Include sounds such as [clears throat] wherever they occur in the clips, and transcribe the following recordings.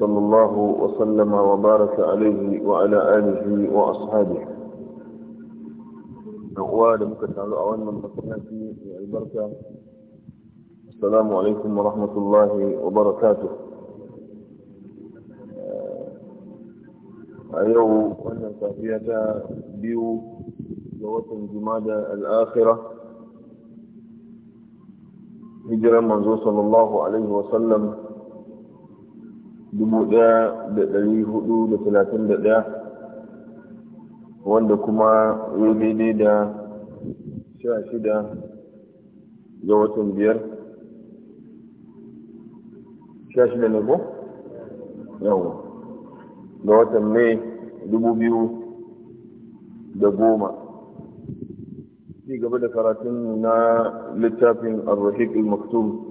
صلى الله وسلم وبارك عليه وعلى آله وأصحابه أقوال مكتعل أولا من البركة السلام عليكم ورحمة الله وبركاته أيوه أن تافية بيو جوة جماد الآخرة هجرة منذ صلى الله عليه وسلم ɗaya wanda kuma ya daidai da sha shida ga watan biyar sha shida ne ko? yawon ga watan mai dubu biyu da goma ci gaba da karatun na littafin al-rahiq al-maktum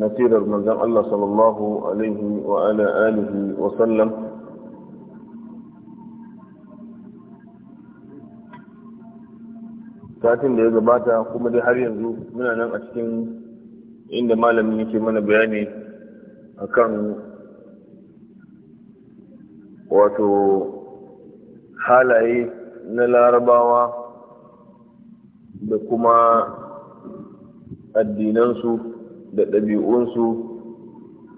نسير المنزل allah صلى الله عليه وعلى wa sallam satin da ya gabata kuma dai har yanzu muna nan a cikin inda malamin yake mana bayani kan wato halaye na larabawa da kuma addinansu da ɗabi'unsu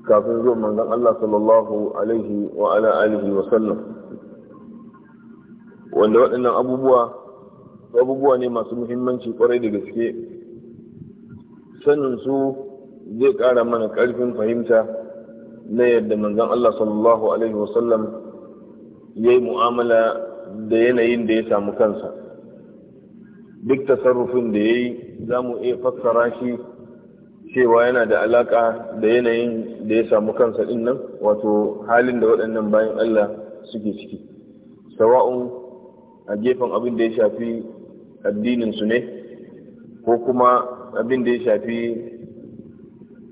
kafin zuwa mangan Allah sallallahu alaihi wa ala wa sallam wanda waɗannan abubuwa abubuwa ne masu muhimmanci kwarai da gaske sanin su zai ƙara mana ƙarfin fahimta na yadda manzan Allah sallallahu alaihi wa sallam ya yi mu'amala da yanayin da ya samu kansa duk tasarrufin da ya yi za mu iya fassara shi cewa yana da alaka da yanayin da ya samu kansa din nan wato halin da waɗannan bayan Allah suke ciki sawa'un a gefen abin da ya shafi addinin su ne ko kuma abin da ya shafi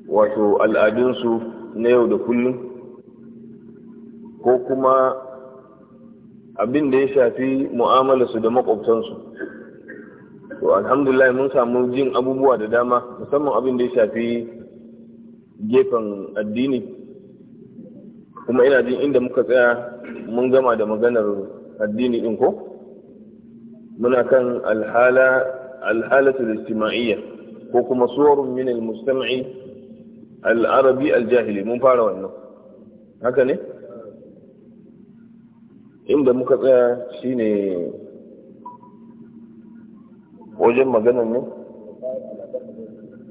wato al'adunsu na yau da kullum ko kuma abin da ya shafi mu'amalarsu da makwabtansu to alhamdulillah mun samu jin abubuwa da dama musamman abin da ya shafi gefen addini kuma ina jin inda muka tsaya mun gama da maganar addini din ko muna kan alhala alhalatu istima'iyya ko kuma suwarun min almustami al'arabi aljahili mun fara wannan haka ne inda muka tsaya shine wajen maganan ne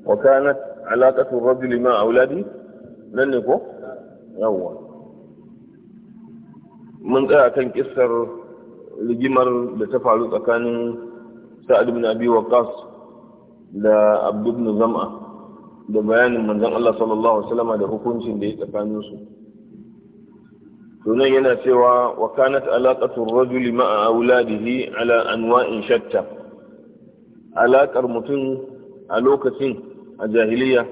wa kanat alaqatu rajuli ma auladi nan ne ko yawwa mun tsaya kan kissar rigimar da ta faru tsakanin sa'ad ibn abi waqas da abdu ibn zam'a da bayanin manzon Allah sallallahu alaihi wasallam da hukuncin da ya tsakanin su sunan yana cewa wa kanat alaqatu ar-rajuli ma'a auladihi ala anwa'in shatta alaƙar mutum a lokacin a jahiliya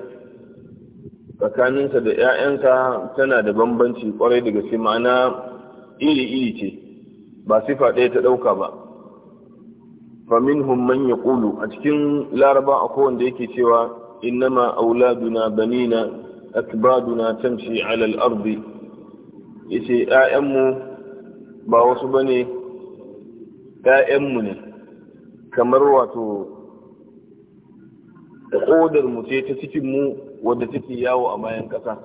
tsakaninsa da 'ya'yansa tana da bambanci kwarai da gaske ma'ana iri-iri ce ba sifa ɗaya ta ɗauka ba famin man ya ƙulu a cikin laraba a kowanda yake cewa innama auladuna banina akbaduna tamshi alal ardi yace 'ya'yanmu ba wasu bane 'ya'yanmu ne kamar wato ƙodar mu ce ta cikin mu wadda take yawo a bayan kasa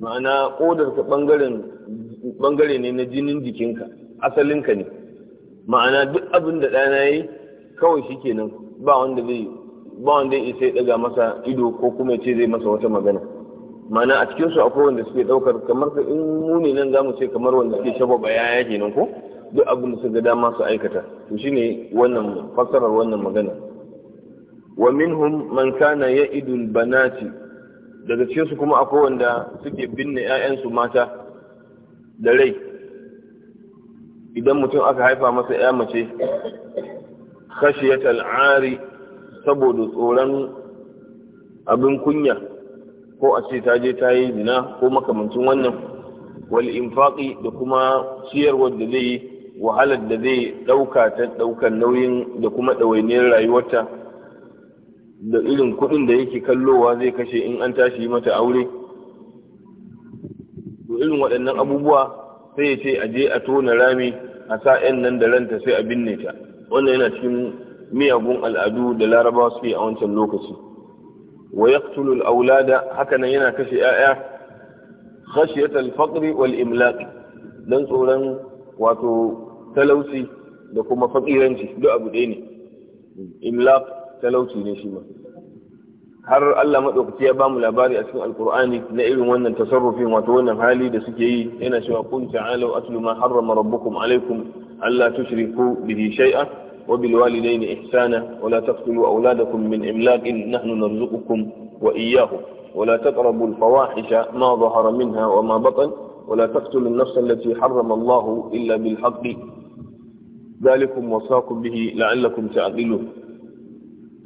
ma'ana ƙodar ka ɓangare ne na jinin jikinka asalinka ne ma'ana duk abin da ɗana yi kawai shi kenan ba wanda zai ba wanda ya isa ya ɗaga masa ido ko kuma ce zai masa wata magana ma'ana a cikinsu akwai wanda suke ɗaukar kamar in mu ne nan zamu mu ce kamar wanda suke shaba baya kenan ko duk abin da suka dama su aikata to shine wannan fassarar wannan magana wa minhum man kana ya'idul banati daga cikin su kuma akwai wanda suke binne ƴaƴansu mata da rai idan mutum aka haifa masa ƴa mace khashiyat al'ari saboda tsoron abin kunya ko a ce ta je ta yi zina ko makamancin wannan wal infaqi da kuma ciyarwar da zai yi wahalar da zai ɗauka ta ɗaukar nauyin da kuma ɗawainiyar rayuwarta da irin kuɗin da yake kallowa zai kashe in an tashi mata aure to irin waɗannan abubuwa sai ya ce a je a tona rami a sa 'yan nan da ranta sai a binne ta wannan yana cikin miyagun al'adu da larabawa suke a wancan lokaci wa yaqtulul aulada hakanan yana kashe 'ya'ya khashiyat al wal imlaq dan tsoron wato talauci da kuma fakiranci duk abu ɗaya ne imlaq talauci ne shi ma har Allah madaukaki ya bamu labari a cikin alqur'ani na irin wannan tasarrufin wato wannan hali da suke yi yana cewa kun ta'alu atlu ma harrama rabbukum alaykum alla tushriku bihi shay'a wa bil walidayni ihsana wa la taqtulu awladakum min imlaqin nahnu narzuqukum wa iyyahum ولا تقربوا الفواحش ما ظهر منها وما بطن ولا تقتلوا النفس التي حرم الله إلا بالحق zalikum ku bihi la'allakum ta'qilun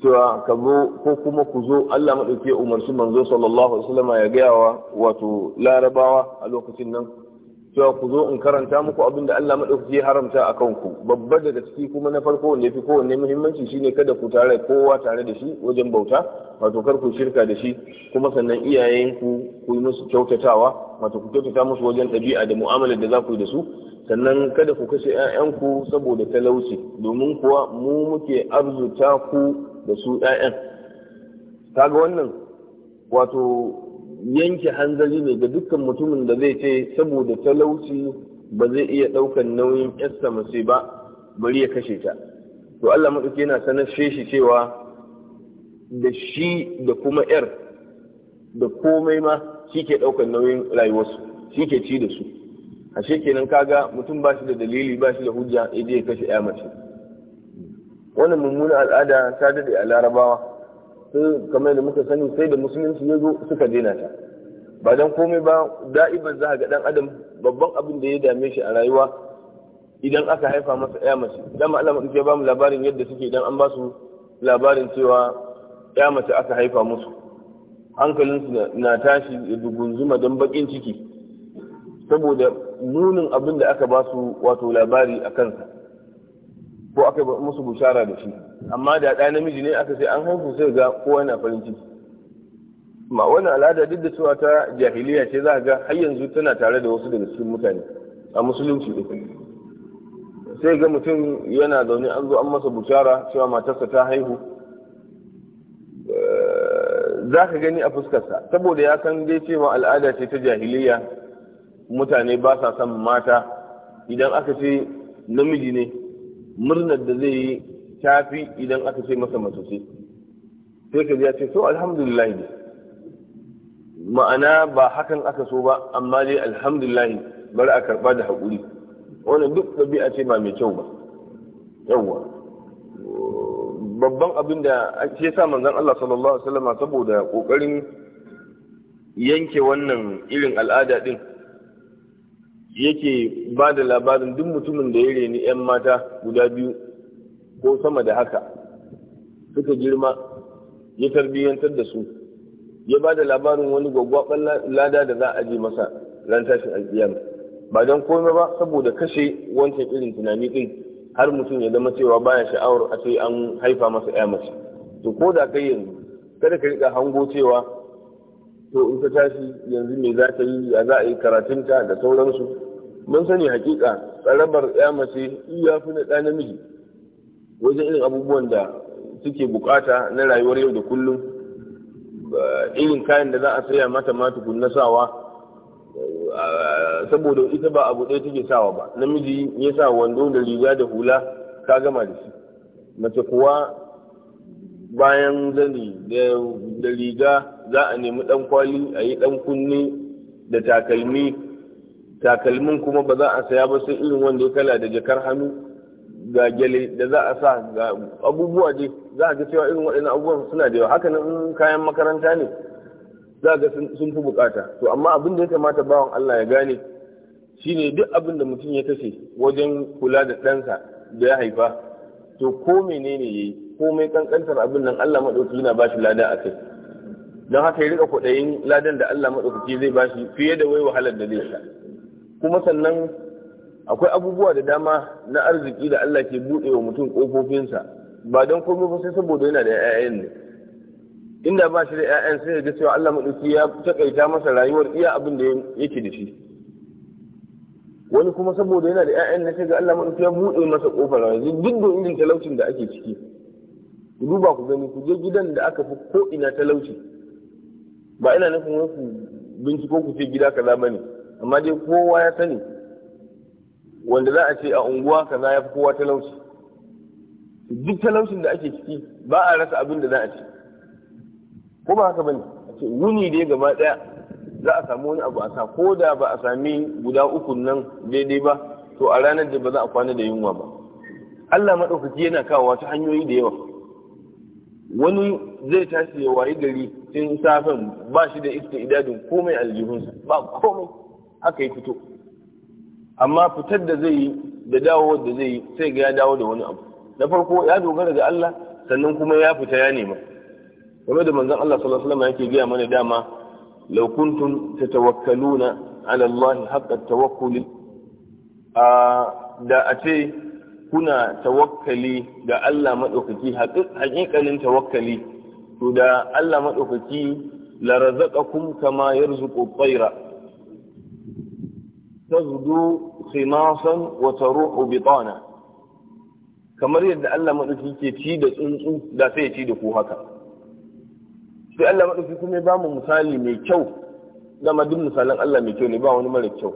cewa ka zo ko kuma ku zo Allah maɗauki umarci manzo sallallahu alaihi wasallam ya gaya wa wato larabawa a lokacin nan cewa ku zo in karanta muku abin da Allah maɗaukaki ya haramta a kanku babbar daga ciki kuma na farko wanda fi kowanne muhimmanci shine kada ku tare kowa tare da shi wajen bauta wato kar ku shirka da shi kuma sannan iyayenku ku yi musu kyautatawa wato ku kyautata musu wajen ɗabi'a da mu'amalar da za ku yi da su sannan kada ku kashe 'ya'yanku saboda talauci domin kuwa mu muke arzuta ku da su 'ya'yan kaga wannan wato yanke hanzari ne ga dukkan mutumin da zai ce saboda talauci ba zai iya ɗaukan nauyin yasta mace ba bari ya kashe ta to Allah maɗauki yana sanar shi cewa da shi da kuma yar da komai ma shi ke ɗaukan nauyin rayuwarsu shi ke ci da su ashe kenan kaga mutum ba shi da dalili ba shi da hujja ya je ya kashe ƴa mace wannan mummunan al'ada ta daɗe a larabawa sai kamar da muka sani sai da musulunci ya zo suka daina ta ba dan komai ba da'iban za ga dan adam babban abin da ya dame shi a rayuwa idan aka haifa masa ya mace dan Allah madauke ba mu labarin yadda suke idan an ba su labarin cewa ya mace aka haifa musu hankalinsu na tashi da dugunzuma don bakin ciki saboda nunin abin da aka ba su wato labari a kansa ko aka musu bushara da shi amma da ɗa namiji ne aka sai an haihu sai ga kowa na farin ciki ma wannan al'ada duk da cewa ta jahiliya ce za ga har yanzu tana tare da wasu daga cikin mutane a musulunci ne sai ga mutum yana zaune an zo an masa bushara cewa matarsa ta haihu eh, za ka gani a fuskarsa saboda ya san dai cewa al'ada ce ta jahiliya mutane ba sa son mata idan aka ce namiji ne murnar da zai yi tafi idan aka ce masa masusi sai ka ya ce so alhamdulillah ne ma'ana ba hakan aka so ba amma dai alhamdulillah bari a karba da haƙuri wannan duk ɗabi'a ce ba mai kyau ba yawwa babban abin da ake sa manzon Allah sallallahu alaihi wasallam saboda ƙoƙarin yanke wannan irin al'ada ɗin yake ba da labarin duk mutumin da ya reni 'yan mata guda biyu ko sama da haka suka girma ya tarbiyyantar da su ya ba da labarin wani gwaggwaɓar lada da za a je masa ran tashin ba don komai ba saboda kashe wancan irin tunani ɗin har mutum ya zama cewa baya sha'awar a sai an haifa masa ya mace to ko da kai yanzu kada ka riƙa hango cewa to in ka tashi yanzu me za ta yi ya za a yi karatunta da sauransu mun sani hakika tsarabar ya mace iya fi na ɗa namiji wajen irin abubuwan da suke bukata na rayuwar yau da kullum irin kayan da za a saya mata ma tukun sawa saboda ita ba abu ɗaya take sawa ba namiji ya sa wando da riga da hula ka gama da shi mace kuwa bayan zani da riga za a nemi ɗan kwali a yi ɗan kunne da takalmi takalmin kuma ba za a saya ba sai irin wanda ya kala da jakar hannu ga gyale da za a sa ga abubuwa dai za a ga cewa irin waɗannan abubuwan suna da yawa haka nan kayan makaranta ne za a ga sun fi bukata to amma abin da ya kamata bawan Allah ya gane shine duk abin da mutum ya kashe wajen kula da ɗansa da ya haifa to ko menene yayi mai kankantar abin nan Allah madauki yana ba shi lada a kai don haka ya rika kwaɗayin ladan da Allah maɗaukaki zai bashi fiye da wai wahalar da zai sha kuma sannan akwai abubuwa da dama na arziki da Allah ke buɗe wa mutum ƙofofinsa ba don komai ba sai saboda yana da 'ya'yan ne inda ba shi da 'ya'yan sai da cewa Allah madauki ya takaita masa rayuwar iya abin da yake da shi wani kuma saboda yana da 'ya'yan ne sai ga Allah madauki ya buɗe masa ƙofar rayuwa duk da irin talaucin da ake ciki ku duba ku gani ku je gidan da aka fi ko ina talauci ba ina nufin wani binciko ku ce gida kaza bane amma dai kowa ya sani wanda za a ce a unguwa kaza ya fi kowa talauci duk talaucin da ake ciki ba a rasa abin da za a ce. ko ba haka bane a ce wuni dai gaba daya za a samu wani abu a sa ko da ba a sami guda uku nan daidai ba to a ranar da ba za a kwana da yunwa ba Allah maɗaukaki yana kawo wata hanyoyi da yawa wani zai tashi ya wayi gari tun safen ba shi da iska idadin komai aljihunsa ba komai aka yi fito amma fitar da zai yi da dawo da zai yi sai ga ya dawo da wani abu na farko ya dogara ga Allah sannan kuma ya fita ya nema game da manzon Allah sallallahu alaihi wasallam yake gaya mana dama law kuntum tatawakkaluna ala Allah haqqa tawakkul da a ce kuna tawakkali ga Allah madaukaki haƙiƙanin tawakkali to da Allah madaukaki la razaqakum kama yarzuqu tayra تغدو خماصا وتروح بطانا kamar yadda Allah maɗauki ke ci da tsuntsu da sai ya ci da ku haka sai Allah maɗauki kuma ba mu misali mai kyau dama duk misalan Allah mai kyau ne ba wani mara kyau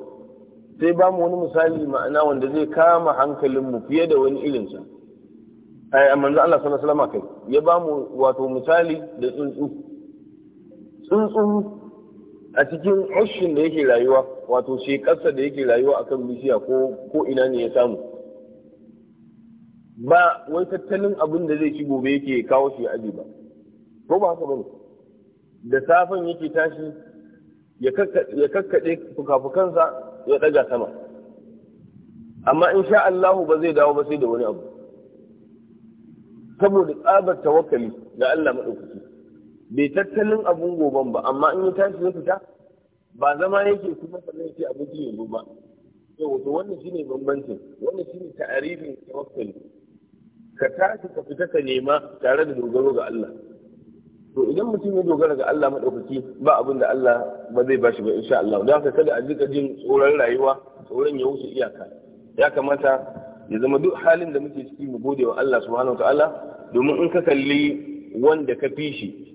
sai ba mu wani misali ma'ana wanda zai kama hankalin mu fiye da wani irinsa ai manzo Allah sallallahu alaihi wasallam kai ya ba mu wato misali da tsuntsu tsuntsu a cikin ushin da yake rayuwa wato ƙasa da yake rayuwa akan bishiya ko ko ina ne ya samu ba wai tattalin abin da zai ci gobe yake kawo shi aji ba ko ba haka bane da safin yake tashi ya kakkaɗe fuka-fukansa ya ɗaga sama amma in sha Allahu ba zai dawo ba sai da wani abu saboda tsabar tawakkali ga Allah maɗaukaki bai tattalin abun goban ba amma in ya tashi ya fita ba zama yake kuma sannan ya yake abinci ba yau to wannan shine bambancin wannan shine ta'arifin tawakkali ka tashi ka fita ka nema tare da dogaro ga Allah to idan mutum ya dogara ga Allah madaukaki ba abin da Allah ba zai bashi ba insha Allah don haka kada a jika jin tsoron rayuwa tsoron ya wuce iyaka ya kamata ya zama duk halin da muke ciki mu gode wa Allah subhanahu ta'ala domin in ka kalli wanda ka fi shi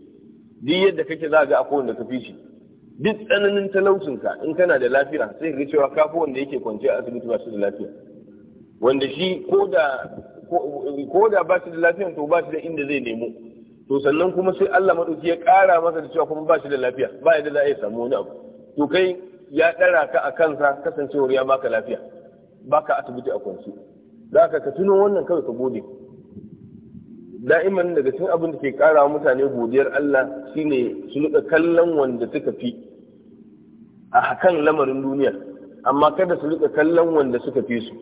duk yadda kake za ga akwai wanda ka fi shi duk tsananin talaucinka in kana da lafiya sai ka cewa kafin wanda yake kwanciya a asibiti ba shi da lafiya wanda shi ko da ba shi da lafiya to ba shi da inda zai nemo to sannan kuma sai Allah madauki ya ƙara masa da cewa kuma ba shi da lafiya ba yadda za a yi samu wani abu to kai ya ɗara ka a kansa kasancewar ya baka lafiya baka asibiti a kwanci za ka ka tuno wannan kawai ka gode da'iman daga cikin abin da ke kara mutane godiyar Allah shine su rika kallon wanda suka fi a kan lamarin duniya amma kada su rika kallon wanda suka fi su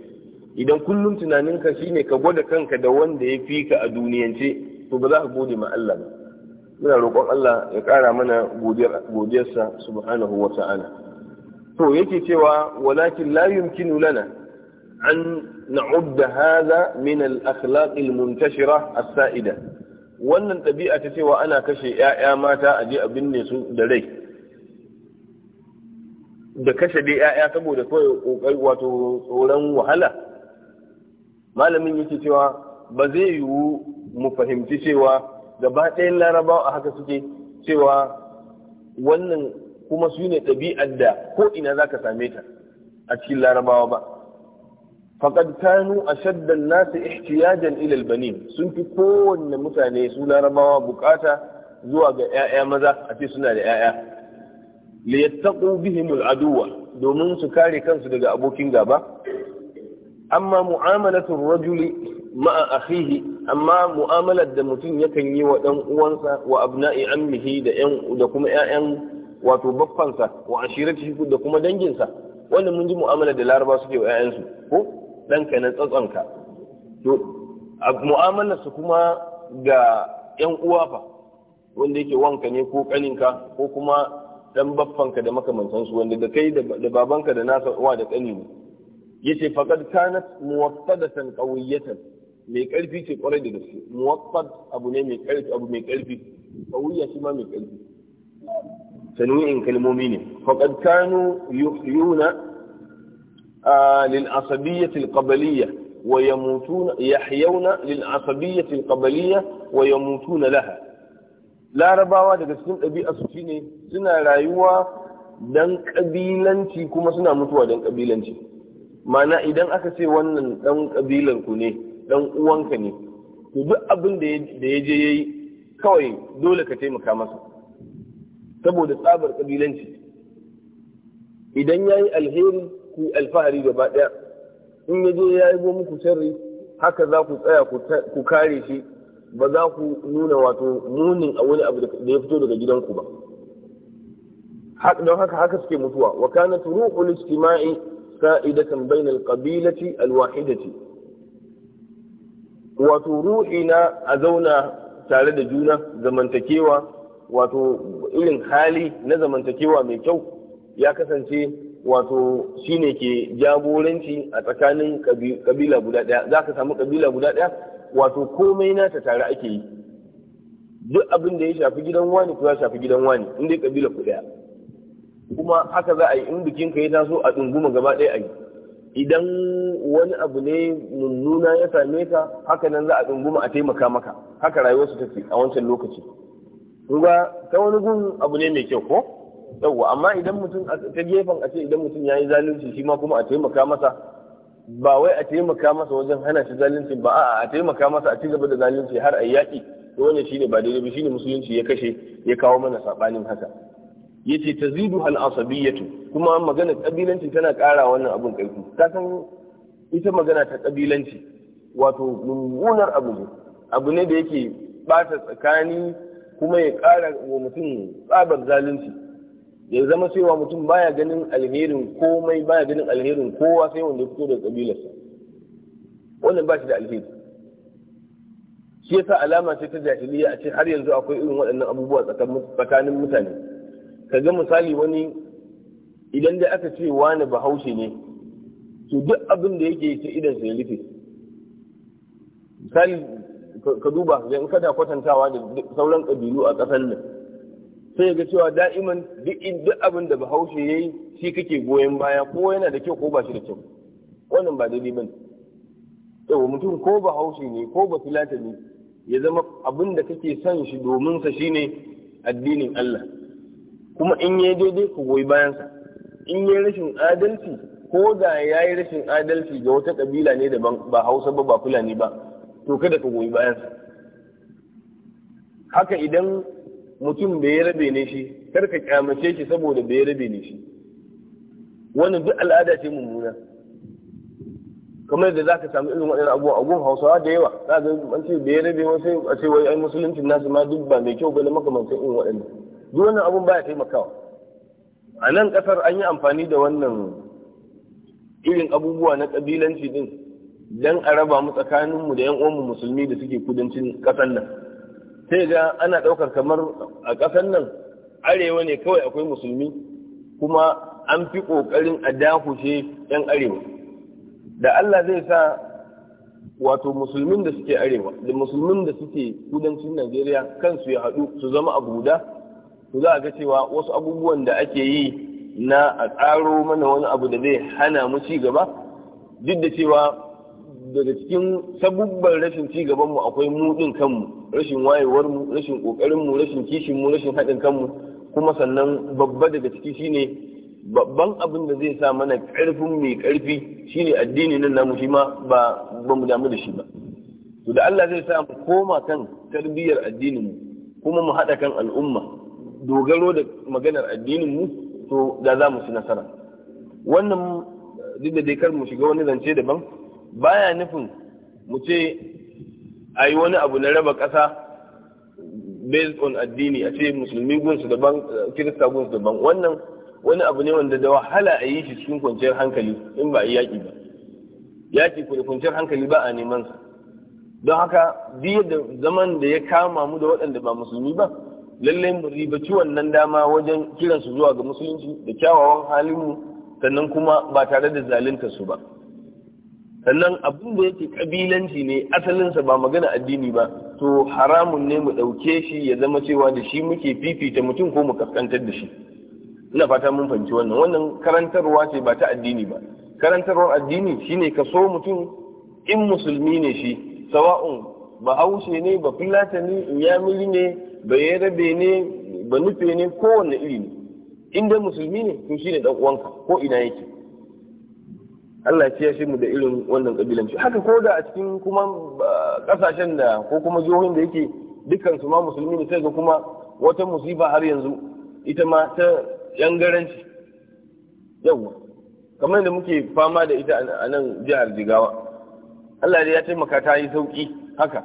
idan kullum tunaninka shine ka gwada kanka da wanda ya fi ka a duniyance to ba za ka gode ma Allah ba muna roƙon Allah ya kara mana godiyarsa subhanahu wa ta'ala to yake cewa walakin la yumkinu lana an نعد هذا من الأخلاق akhlaq السائدة muntashira a saida wannan ɗabi'a ta cewa ana kashe 'ya'ya mata a je a binne su da rai da kashe dai 'ya'ya saboda kawai kokari wato tsoron wahala malamin yake cewa ba zai yiwu mu fahimci cewa gaba ɗayan larabawa a haka suke cewa wannan kuma su ne ɗabi'ar da ko ina za same ta a cikin larabawa ba faqad kanu ashadda an-nas ihtiyajan ila al-banin sun fi kowanne mutane su larabawa bukata zuwa ga 'ya'ya maza a ce suna da 'ya'ya li yattaqu bihim al-aduwa domin su kare kansu daga abokin gaba amma mu'amalatu ar-rajuli ma'a akhihi amma mu'amalar da mutum yakan yi wa dan uwansa wa abna'i ammihi da da kuma ƴaƴan wato baffansa wa ashiratihi da kuma danginsa wannan mun ji mu'amalar da laraba suke wa ƴaƴansu ko ɗanka na tsatsonka to mu'amalarsa kuma ga 'yan uwa fa wanda yake wanka ne ko ƙaninka ko kuma dan baffanka da makamantansu wanda da kai da babanka da nasa uwa da kani ne yace faqad kanat muwaffadatan qawiyatan mai karfi ce kwarai da gaske muwaffad abu ne mai karfi abu mai karfi qawiya shi ma mai karfi sanuyin kalmomi ne faqad kanu Yuna. للعصبية القبلية ويموتون يحيون للعصبية القبلية ويموتون لها لا ربوا daga cikin ɗabi'a su shine suna rayuwa danƙabilanci kuma suna mutuwa dan kabilanci ma'ana idan aka ce wannan dan kabilar ku ne dan uwanka ne to duk abin da ya je yayi kawai dole ka taimaka masa saboda tsabar ƙabilanci. idan yayi alheri ku alfahari gaba ɗaya in ya je ya yi muku sharri haka za ku tsaya ku kare shi ba za ku nuna wato munin a wani abu da ya fito daga gidanku ba don haka haka suke mutuwa wa kana turuqul istima'i sa'idatan bayna al-qabilati al-wahidati wato ruhi na a zauna tare da juna zamantakewa wato irin hali na zamantakewa mai kyau ya kasance wato shine ke jagoranci a tsakanin kabila guda ɗaya za ka samu kabila guda ɗaya wato komai na ta tare ake yi duk abin da ya shafi gidan wani ko ya shafi gidan wani in kabila ku ɗaya kuma haka za a yi in bikin ka ya taso a tsunguma gaba ɗaya a yi idan wani abu ne nuna ya same ka haka nan za a tsunguma a taimaka maka haka rayuwarsu take a wancan lokaci kuma ta wani gun abu ne mai kyau ko yauwa amma idan mutum ta gefen a ce idan mutum ya yi zalunci shi ma kuma a taimaka masa ba wai a taimaka masa wajen hana shi zalunci ba a'a a taimaka masa a ci gaba da zalunci har a yaƙi shi shine ba daidai ba shine musulunci ya kashe ya kawo mana sabanin haka yace tazidu al asabiyatu kuma magana kabilanci tana ƙara wannan abun karfi ka san ita magana ta kabilanci wato mummunar abu ne abu ne da yake bata tsakani kuma ya ƙara wa mutum tsabar zalunci ya zama cewa mutum baya ganin alherin komai baya ganin alherin kowa sai wanda ya fito daga kabilarsa wannan ba shi da alheri shi yasa alama ce ta jahiliya a ce har yanzu akwai irin waɗannan abubuwa tsakanin mutane kaga misali wani idan da aka ce wani bahaushe ne to duk abin da yake ta idan sa ya rufe misali ka duba in kada kwatantawa da sauran kabilu a ƙasar nan sai ga cewa da'iman duk duk abin da bahaushe yayi shi kake goyon baya ko yana da kyau ko ba shi da kyau wannan ba daidai bane to mutum ko bahaushe ne ko filata ne ya zama abin da kake son shi domin sa shine addinin Allah kuma in yayi daidai ku goyi bayan sa in yayi rashin adalci ko da yayi rashin adalci ga wata kabila ne da ba Hausa ba ba Fulani ba to kada ka goyi bayan sa haka idan mutum da ya rabe ne shi kar ka kyamace shi saboda da ya rabe ne shi wannan duk al'ada ce mummuna kamar da za ka samu irin waɗannan abubuwa abubuwan hausawa da yawa za ga an ce da ya rabe wasu a ce wai ai musuluncin nasu ma duk ba mai kyau bane makamantan irin waɗannan duk wannan abun baya taimakawa a nan ƙasar an yi amfani da wannan irin abubuwa na ƙabilanci din dan a raba mu tsakaninmu da 'yan uwanmu musulmi da suke kudancin ƙasar nan sai ga ana ɗaukar kamar a ƙasar nan arewa ne kawai akwai musulmi kuma an fi ƙoƙarin a dakushe 'yan arewa da Allah zai sa wato musulmin da suke arewa da musulmin da suke kudancin Najeriya kansu ya haɗu su zama a guda su za a ga cewa wasu abubuwan da ake yi na a tsaro mana wani abu da zai hana mu ci gaba duk da cewa daga cikin sabubban rashin ci gabanmu akwai mu kanmu rashin wayewar mu rashin kokarin mu rashin kishin mu rashin haɗin kanmu kuma sannan babba daga ciki shine babban abin da zai sa mana ƙarfin mai ƙarfi shine addini nan namu shi ma ba ba mu damu da shi ba to da Allah zai sa mu koma kan tarbiyyar addinin mu kuma mu haɗa kan al'umma dogaro da maganar addinin mu to da za mu ci nasara wannan duk da dai kar mu shiga wani zance daban baya nufin mu ce a yi wani abu na raba ƙasa based on addini a ce musulmi gunsu daban kirista gunsu daban wannan wani abu ne wanda da wahala a yi shi cikin kwanciyar hankali in ba a yi yaƙi ba yaƙi da kwanciyar hankali ba a neman sa don haka biyu da zaman da ya kama mu da waɗanda ba musulmi ba lallai mu ribaci wannan dama wajen kiransu zuwa ga musulunci da kyawawan halin halinmu sannan kuma ba tare da zalunta su ba sannan abin da yake kabilanci ne asalinsa ba magana addini ba to haramun ne mu ɗauke shi ya zama cewa da shi muke fifita mutum ko mu kaskantar da shi ina fata mun fahimci wannan wannan karantarwa ce ba ta addini ba karantarwar addini shine ka so mutum in musulmi ne shi sawa'un bahaushe ne ba fulatani yamiri ne ba yarabe ne ba nufe ne kowanne iri ne in dai musulmi ne to shine dan uwanka ko ina yake Allah ya shi mu da irin wannan kabilanci haka ko da a cikin kuma kasashen da ko kuma jihohin da yake dukkan su ma musulmi ne sai ga kuma wata musiba har yanzu ita ma ta yan garanci yawa kamar da muke fama da ita a nan jihar Jigawa Allah ya taimaka ta yi sauki haka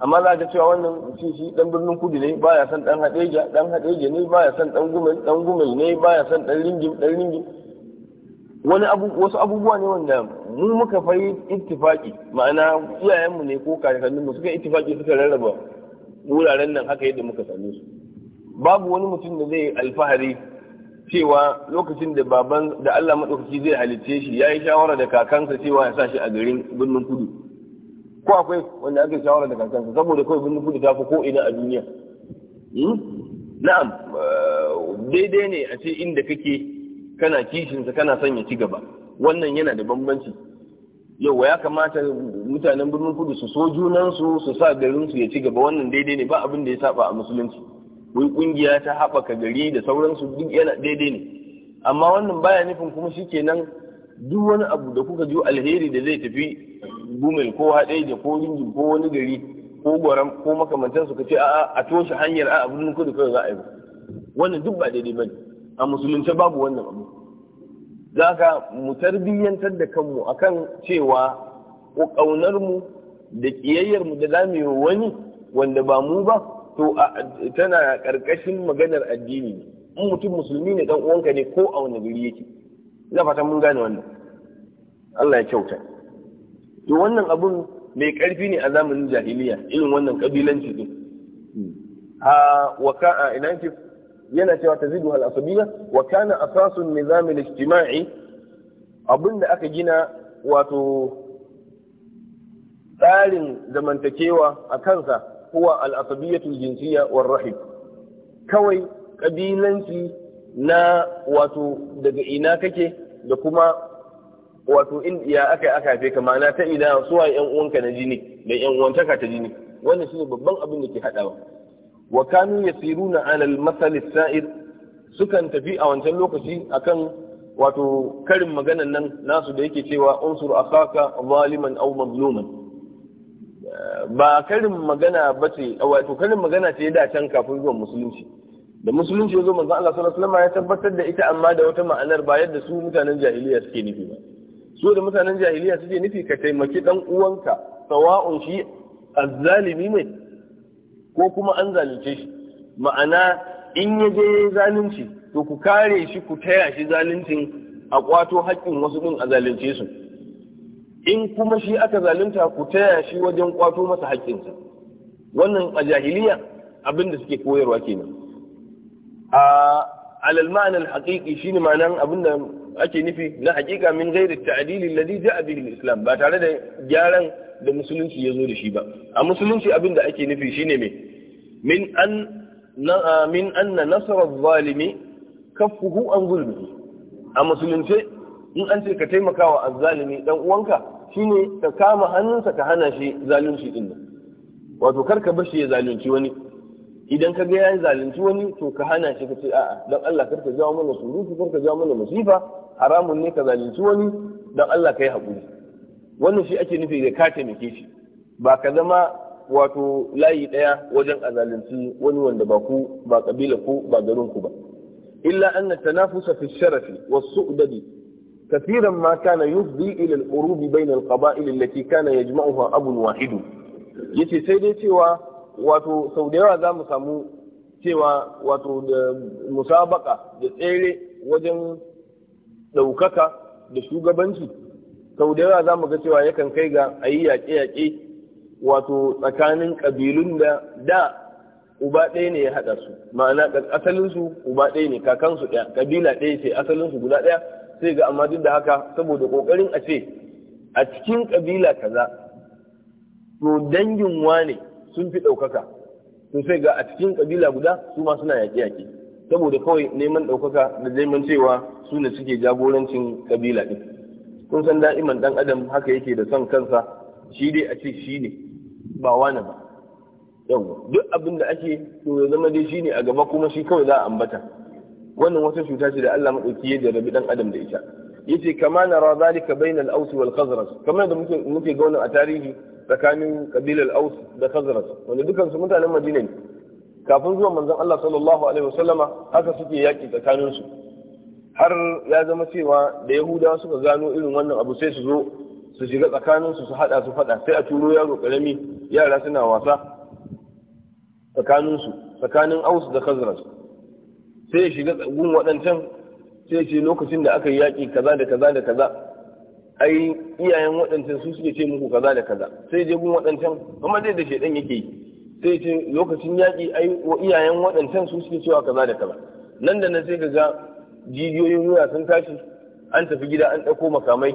amma za ka cewa wannan shi shi dan birnin kudu ne baya son dan hadeja dan hadeja ne baya son dan gumel dan gumel ne baya son dan ringin dan ringin wani abu wasu abubuwa ne wanda mu muka fayi ittifaki ma'ana iyayenmu ne ko kakannin mu suka ittifaki suka rarraba wuraren nan haka yadda muka same su babu wani mutum da zai alfahari cewa lokacin da baban da Allah madaukaki zai halicce shi yayi yi shawara da kakansa cewa ya sa shi a garin birnin kudu ko akwai wanda aka shawara da kakansa saboda kawai birnin kudu ta fi ko ina a duniya hmm? na'am eh, daidai ne a ce inda kake kana kishinsa kana son ya ci gaba wannan yana da bambanci yau ya kamata mutanen birnin kudu su so junansu su sa garinsu ya ci gaba wannan daidai ne ba abin da ya saba a musulunci wai kungiya ta haɓaka gari da sauransu duk yana daidai ne amma wannan baya nufin kuma shikenan duk wani abu da kuka ji alheri da zai tafi gumel ko haɗe da ko ringin ko wani gari ko gwaram ko makamantansu ka ce a toshe hanyar a birnin kudu kawai za a yi wannan duk ba daidai ba ne a musulunce babu wannan abu za ka mu tarbiyyantar da kanmu a kan cewa ƙaunarmu da ƙiyayyarmu da za mu wani wanda ba mu ba to tana ƙarƙashin maganar addini ne in mutum musulmi ne dan uwanka ne ko a wani gari yake ina fatan mun gane wannan Allah ya kyauta to wannan abun mai ƙarfi ne a zamanin jahiliya irin wannan ƙabilanci din hmm. a wa ka'a ina yana cewa tazidu al asabiyya wa kana asasun nizam al ijtima'i abinda aka gina wato tsarin zamantakewa a kansa huwa al jinsiyya rahib kawai kabilanci na wato daga ina kake da kuma wato in ya aka aka haife ka ma'ana ta ina suwa yan uwanka na jini da yan uwantaka ta jini wannan shine babban abin da ke haɗawa wa kanu yasiruna ala al-masal as-sa'id sukan tafi a wancan lokaci akan wato karin maganan nan nasu da yake cewa unsur akhaka zaliman aw mazluman ba karin magana ba ce wato karin magana ce da can kafin zuwan musulunci da musulunci ya zo manzo Allah sallallahu alaihi wasallam ya tabbatar da ita amma da wata ma'anar ba yadda su mutanen jahiliya suke nufi ba su da mutanen jahiliya suke nufi ka taimaki dan uwanka sawa'un shi azzalimi ne ko kuma an zalunce shi ma'ana in ya je zalunci to ku kare shi ku taya shi zaluncin a kwato haƙƙin wasu ɗin a zalunce su in kuma shi aka zalunta ku taya shi wajen kwato masa haƙƙinsa wannan a jahiliya abin suke koyarwa kenan a alal ma'anar haƙiƙi ne ma'anar abin da ake nufi na haƙiƙa min ghairi ta'dil Ladi da abin islam ba tare da gyaran da musulunci ya zo da shi ba a musulunci abinda ake nufi shi ne me min an na ah, nasarar zalimi kafuhu an zulmi a musulunce in an ce ka taimakawa azzalimi dan uwanka shine ka kama hannunsa ka hana shi zalunci din nan wato kar ka bashi ya zalunci wani idan ka ga ya zalunci wani to ka hana shi ka ce a'a dan Allah kar ka jawo mana surutu kar ka jawo mana musifa haramun ne ka zalunci wani dan Allah ka yi haƙuri wannan shi ake nufi da ka taimake shi ba ka zama wato layi ɗaya wajen azalinci wani wanda ba ku ba kabila ku ba garin ku ba illa anna tanafusa fi sharafi wa su'dadi kathiran ma kana yufdi ila al urubi bayna al-qaba'il allati kana yajma'uha abun wahid yace sai dai cewa wato sau da yawa za mu samu cewa wato da musabaka da tsere wajen ɗaukaka da shugabanci sau da yawa za mu ga cewa yakan kai ga a yi yaƙe-yaƙe wato tsakanin ƙabilun da da uba ɗaya ne ya haɗa su ma'ana asalinsu uba ɗaya ne kakansu ɗaya ƙabila ɗaya ce asalinsu guda ɗaya sai ga amma duk da haka saboda ƙoƙarin a ce a cikin ƙabila kaza to dangin wane sun fi ɗaukaka to sai ga a cikin ƙabila guda su ma suna yaƙe-yaƙe saboda kawai neman ɗaukaka da neman cewa su ne suke jagorancin ƙabila ɗin kun san da'iman ɗan adam haka yake da son kansa shi dai a ce shi ne ba wani ba yau duk abin da ake to ya zama dai shi ne a gaba kuma shi kawai za a ambata wannan wata cuta ce da Allah maɗauki ya jarabi ɗan adam da ita yace kama na ra zalika bain al-aus wal khazraj kamar da muke muke ga wannan a tarihi tsakanin kabilar aus da khazraj wanda dukan su mutanen madina ne kafin zuwa manzon Allah sallallahu alaihi wasallama haka suke yaki tsakanin su har ya zama cewa da yahudawa suka gano irin wannan abu sai su zo su shiga tsakaninsu su haɗa su faɗa sai a turo yaro ƙarami yara suna wasa tsakaninsu tsakanin aus da khazraj sai ya shiga gun waɗancan sai ce lokacin da aka yi yaki kaza da kaza da kaza ai iyayen waɗancan su suke ce muku kaza da kaza sai je gun waɗancan amma dai da shaidan yake yi sai ce lokacin yaki ai iyayen waɗancan su suke cewa kaza da kaza nan da nan sai ka ga jijiyoyin wuya sun tashi an tafi gida an ɗauko makamai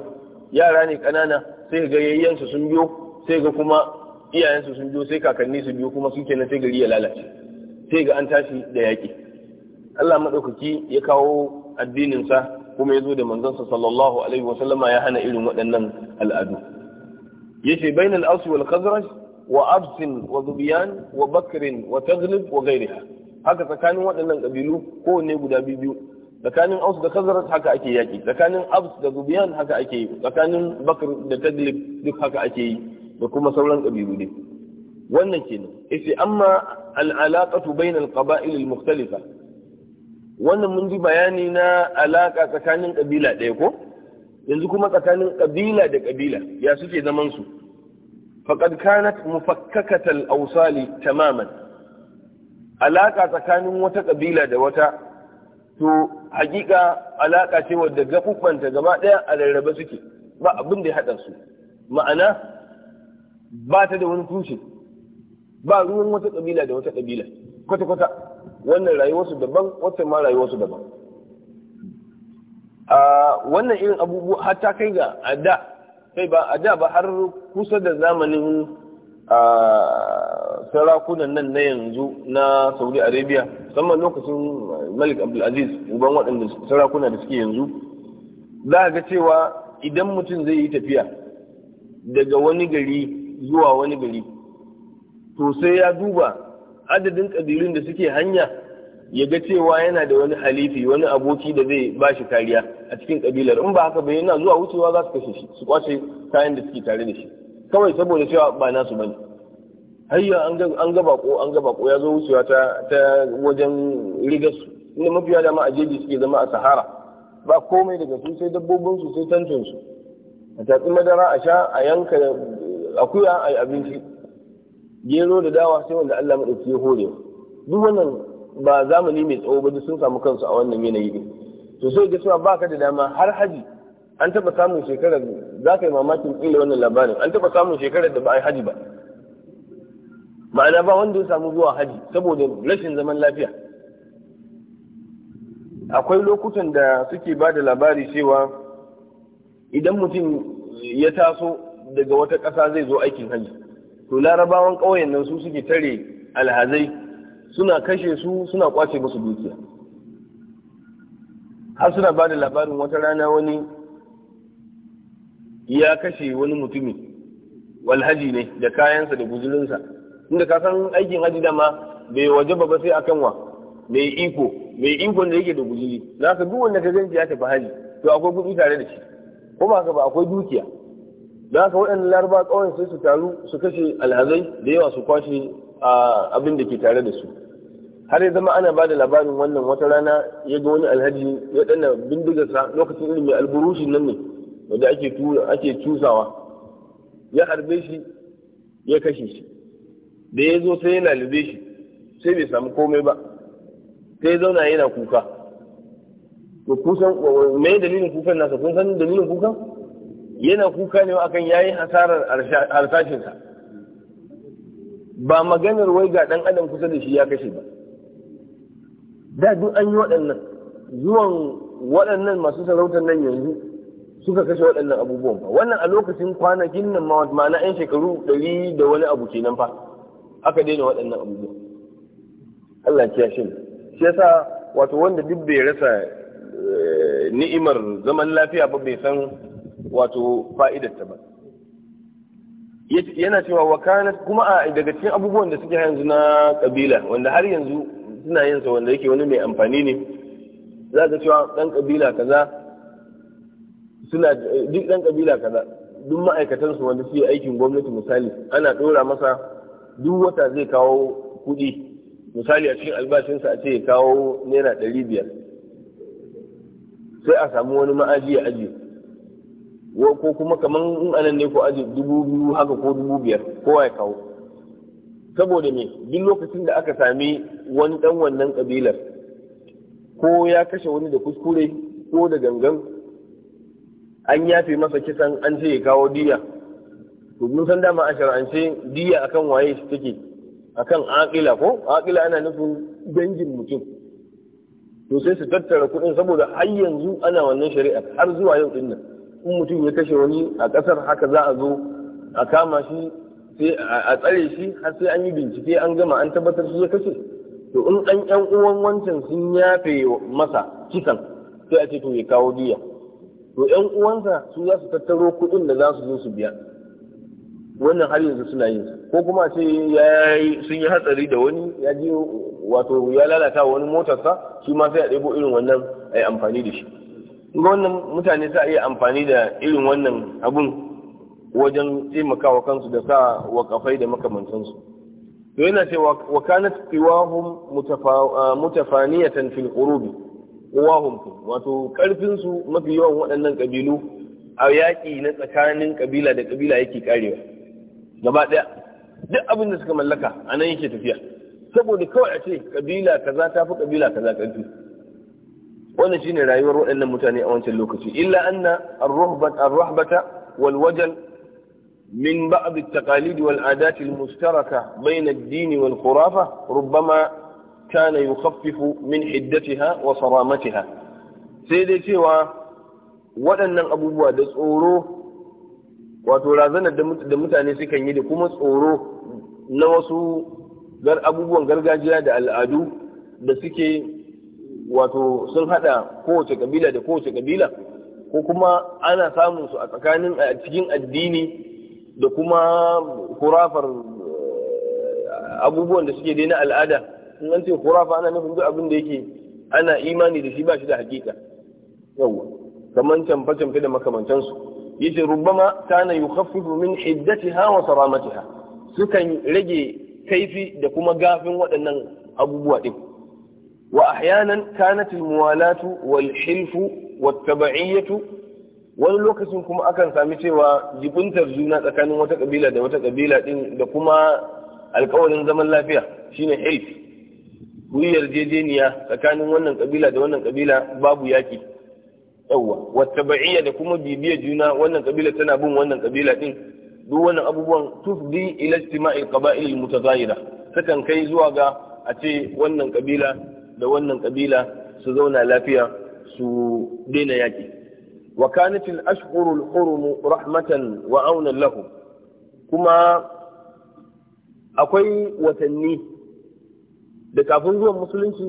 yara ne ƙanana sai ga yayyansu sun biyo sai ga kuma iyayensu sun biyo sai kakanni su biyo kuma suke na sai gari ya lalace sai ga an tashi da yaƙi Allah maɗaukaki ya kawo addinin sa kuma ya zo da manzansa sallallahu alaihi wasallama ya hana irin waɗannan al'adu yace bainal asr wal khazraj wa absin wa zubyan wa bakrin wa taghlib wa Gairi" haka tsakanin waɗannan kabilu kowanne guda biyu tsakanin aus da khazraj haka ake yaki tsakanin abs da zubiyan haka ake yi tsakanin bakr da tadlib duk haka ake yi da kuma sauran kabilu ne wannan kenan yace amma al'al'aƙa tu al-qaba'il al-mukhtalifa wannan mun ji bayani na alaka tsakanin kabila ɗaya ko yanzu kuma tsakanin kabila da kabila ya suke zaman su faqad kanat mufakkakat al-awsali tamaman alaka tsakanin wata kabila da wata to hakika alaka ce wadda gafuffanta gaba ɗaya a rarrabe suke ba abin da ya haɗa su ma'ana ba ta da wani tushe ba ruwan wata ƙabila da wata ƙabila kwata-kwata wannan rayuwarsu daban wata ma rayuwarsu daban a wannan irin abubuwa har ta kai ga a da kai ba a da ba har kusa da zamanin a sarakunan nan na yanzu na saudi arabia musamman lokacin malik abdulaziz uban waɗanda sarakuna da suke yanzu za a ga cewa idan mutum zai yi tafiya daga wani gari zuwa wani gari to sai ya duba adadin ƙabilun da suke hanya ya ga cewa yana da wani halifi wani aboki da zai ba shi kariya a cikin ƙabilar in ba haka ba yana zuwa wucewa za su kashe shi su kwace kayan da suke tare da shi kawai saboda cewa ba nasu bane hayya an ga bako an ga bako ya zo wucewa ta ta wajen rigas inda mafiya dama a jeji suke zama a sahara ba komai daga su sai dabbobin su sai tantin su a tatsi madara a sha a yanka akuya a yi abinci gero da dawa sai wanda Allah madauki ya hore duk wannan ba zamani mai tsawo ba sun samu kansu a wannan yanayi ne to sai ga cewa baka da dama har haji an taba samun shekarar za ka yi mamakin ƙila wannan labarin an taɓa samun shekarar da ba a yi haji ba ma'ana ba wanda ya samu zuwa haji saboda rashin zaman lafiya akwai lokutan da suke ba da labari cewa idan mutum ya taso daga wata ƙasa zai zo aikin haji to larabawan ƙauyen nan su suke tare alhazai suna kashe su suna kwace musu dukiya har suna ba da labarin wata rana wani ya kashe wani mutumi walhaji ne da kayansa da guzulinsa inda ka san aikin haji dama bai waje ba sai akan wa mai iko mai iko da yake da guzuli za ka duk wanda ka ganci ya tafi haji to akwai kuɗi tare da shi ko ba ka ba akwai dukiya za ka waɗanda laraba ƙauyen sai su taru su kashe alhazai da yawa su kwashe abin da ke tare da su har ya zama ana ba da labarin wannan wata rana ya ga wani alhaji ya ɗana bindigarsa lokacin ilimi alburushin nan ne wanda ake ake cusawa ya harbe shi ya kashe shi da ya zo sai ya lalube shi sai bai samu komai ba sai ya zauna yana kuka to kusan me dalilin kukan nasa kun san dalilin kukan yana kuka ne akan yayi hasarar harsashinsa ba maganar wai ga dan adam kusa da shi ya kashe ba da duk an yi waɗannan zuwan waɗannan masu sarautar nan yanzu suka kashe waɗannan abubuwan fa wannan a lokacin kwanakin nan ma ma'ana yan shekaru ɗari da wani abu kenan fa aka daina waɗannan abubuwan Allah ya shi shi yasa wato wanda duk bai rasa eh, ni'imar zaman lafiya ba bai san wato fa'idarta ba yana cewa wa kuma a daga cikin abubuwan da suke yanzu na kabila wanda har yanzu suna yin sa wanda yake wani mai amfani ne za ka cewa dan kabila kaza suna duk ɗan ƙabila kaza duk ma'aikatan su wanda suke aikin gwamnati misali ana ɗora masa duk wata zai kawo kuɗi misali a cikin albashinsa a ce ya kawo naira ɗari biyar sai a samu wani ma'aji ya aji ko kuma kamar in anan ne ko aji dubu biyu haka ko dubu biyar kowa ya kawo saboda me duk lokacin da aka sami wani ɗan wannan ƙabilar ko ya kashe wani da kuskure ko da gangan an yafe masa kisan an ce ya kawo diya to mun san dama a shar'ance diya akan waye shi take akan aqila ko aqila ana nufin dangin mutum to sai su tattara kuɗin saboda har yanzu ana wannan shari'a har zuwa yau din nan in mutum ya kashe wani a ƙasar haka za a zo a kama shi sai a tsare shi har sai an yi bincike an gama an tabbatar shi ya kashe to in an yan uwan wancan sun yafe masa kisan sai a ce to ya kawo diya to 'yan uwansa su za su tattaro kuɗin da za su zo su biya wannan har yanzu suna yin ko kuma ce sun yi hatsari da wani ya ji wato ya lalata wani motarsa shi ma sai a ɗebo irin wannan a yi amfani da shi ga wannan mutane sa iya amfani da irin wannan abun wajen taimakawa kansu da sa wakafai da makamantansu to yana cewa wa kanat qiwahum mutafaniyatan fil qurubi quwahum wato karfin su mafi yawan waɗannan kabilu a yaƙi na tsakanin kabila da kabila yake karewa gaba ɗaya duk abin da suka mallaka a nan yake tafiya saboda kawai a ce kabila kaza ta fi kabila kaza karfi wannan shine rayuwar waɗannan mutane a wancan lokaci illa anna ar-ruhbata wal wajal min ba'd at-taqalid wal adat al-mushtaraka bayna ad-din wal khurafa rubbama kana yukhaffifu min hiddatiha wa saramatiha sai dai cewa waɗannan abubuwa da tsoro wato razanar da mutane sukan yi da kuma tsoro na wasu abubuwan gargajiya da al'adu da suke wato sun haɗa kowace kabila da kowace kabila ko kuma ana samun su a tsakanin a cikin addini da kuma kurafar abubuwan da suke dai na al'ada in an ce khurafa ana nufin duk abin da yake ana imani da shi ba shi da hakika yawa kamar canfa canfe da makamantansu yace rubbama kana yukhaffifu min hiddatiha wa saramatiha sukan rage kaifi da kuma gafin waɗannan abubuwa din wa ahyanan kanat almuwalatu wal hilfu wat tabi'iyatu wani lokacin kuma akan sami cewa jibuntar juna tsakanin wata kabila da wata kabila din da kuma alkawarin zaman lafiya shine hilf ku jejeniya yarjejeniya tsakanin wannan kabila da wannan kabila babu yaki yawwa wata ba'iyya da kuma bibiyar juna wannan kabila tana bin wannan kabila din duk wannan abubuwan tufdi ila istima'i qaba'il mutazahira sakan kai zuwa ga a ce wannan kabila da wannan kabila su zauna lafiya su daina yaki wa kanat al ashhur hurum rahmatan wa auna lahum kuma akwai watanni da kafin zuwan musulunci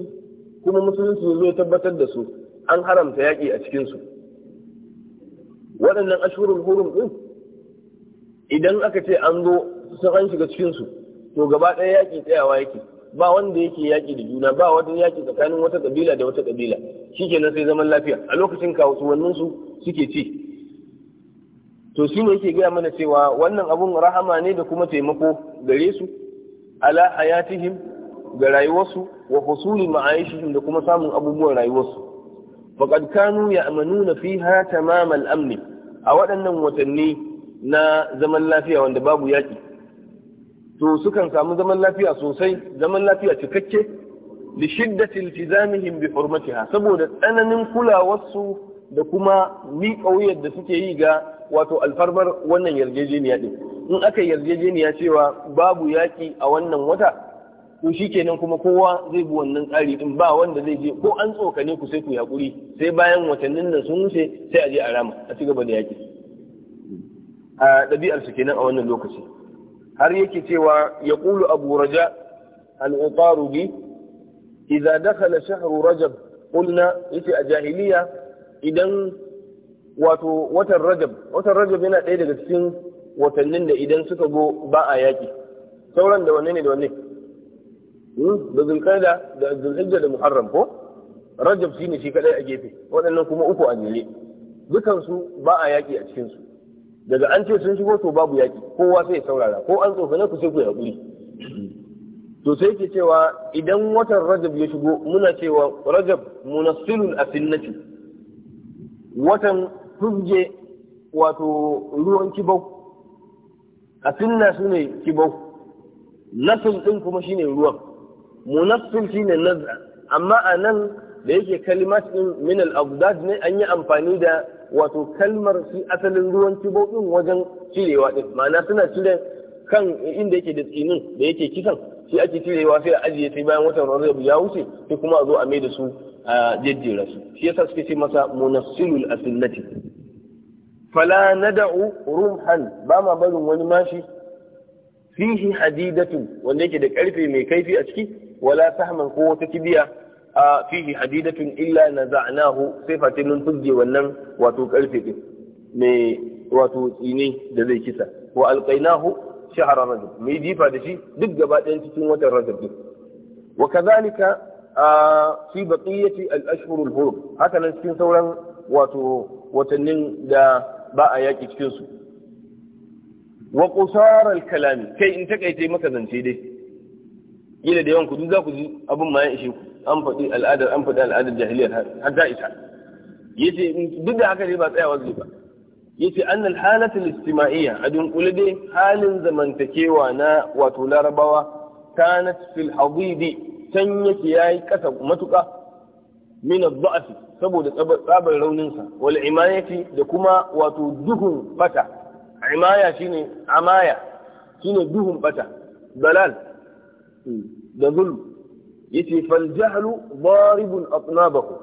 kuma musulunci zo tabbatar da su an haramta yaƙi a cikinsu waɗannan ashurin hurum ɗin idan aka ce an zo sun an shiga cikinsu to gaba ɗaya yaƙi tsayawa yake ba wanda yake yaƙi da juna ba wata yaƙi tsakanin wata ƙabila da wata ƙabila shikenan sai zaman lafiya a lokacin kawo su suke ci to shi ne yake gaya mana cewa wannan abun rahama ne da kuma taimako gare su ala hayatihim ga rayuwarsu wa husuli ma'aishihim da kuma samun abubuwan rayuwarsu faqad kanu ya'manuna fiha tamam al-amn a waɗannan watanni na zaman lafiya wanda babu yaki to sukan samu zaman lafiya sosai zaman lafiya cikakke li shiddati iltizamihim bi hurmatiha saboda tsananin kulawarsu da kuma miƙa da suke yi ga wato alfarmar wannan yarjejeniya din in aka yarjejeniya cewa babu yaki a wannan wata to kenan kuma kowa zai bi wannan tsari din ba wanda zai je ko an tsokane ku sai ku hakuri sai bayan watannin nan sun wuce sai a je a rama a cigaba da yaki a ɗabi'ar su kenan a wannan lokaci har yake cewa ya ƙulu abu raja al-uqarubi idza dakhala shahru rajab qulna yace a jahiliya idan wato watan rajab watan rajab yana ɗaya daga cikin watannin da idan suka go ba a yaki sauran da wanne ne da wanne Hmm? da zulqaida da zulhijja da muharram ko rajab shine shi kadai a gefe waɗannan kuma uku a jere dukan ba a yaki a cikinsu. daga an ce sun shigo to babu yaki kowa sai ya saurara ko an tsokane ku sai ku yaƙuri to sai ke cewa idan watan rajab ya shigo muna cewa rajab munassilul asinnati watan fuge wato ruwan kibau asinna su ne kibau nasul din kuma shine ruwan munafin shine nazar, amma a nan da yake kalimat ɗin min al-abdad ne an yi amfani da wato kalmar shi asalin ruwan kibo wajen cirewa ɗin, ma'ana suna cire kan inda yake da tsinin da yake kisan shi ake cirewa sai a ajiye sai bayan watan rarrabu ya wuce sai kuma a zo a mai da su a jejjera su shi yasa suke ce masa munafsilul asillati fala nada'u ruhan ba ma barin wani mashi fihi hadidatu wanda yake da karfe mai kaifi a ciki wala sahman ko wata kibiya a fihi hadidatun illa na za'anahu sai fatin mun fuzge wannan wato karfe din da zai kisa wa alqainahu shahra rajab mai jifa da shi duk gaba ɗayan cikin watan rajab din wa kadhalika fi baqiyati al-ashhur al-hurum haka nan cikin sauran wato watannin da ba a yaki cikin su wa qusara kalami kai in takaice maka zance dai gida da yawan kudu za ku ji abin ma ya ishe ku an faɗi al'adar an faɗi al'adar jahiliyar har ta isa yace duk da haka ne ba tsayawa zai ba yace annal halatul istima'iyya a dunkule dai halin zamantakewa na wato larabawa kanat fil hadidi can yake yayi kasa matuka min adh saboda tsabar raunin sa wal imayati da kuma wato duhun fata imaya shine amaya shine duhun fata dalal hmm. da zulm yace fal jahlu daribun atnabahu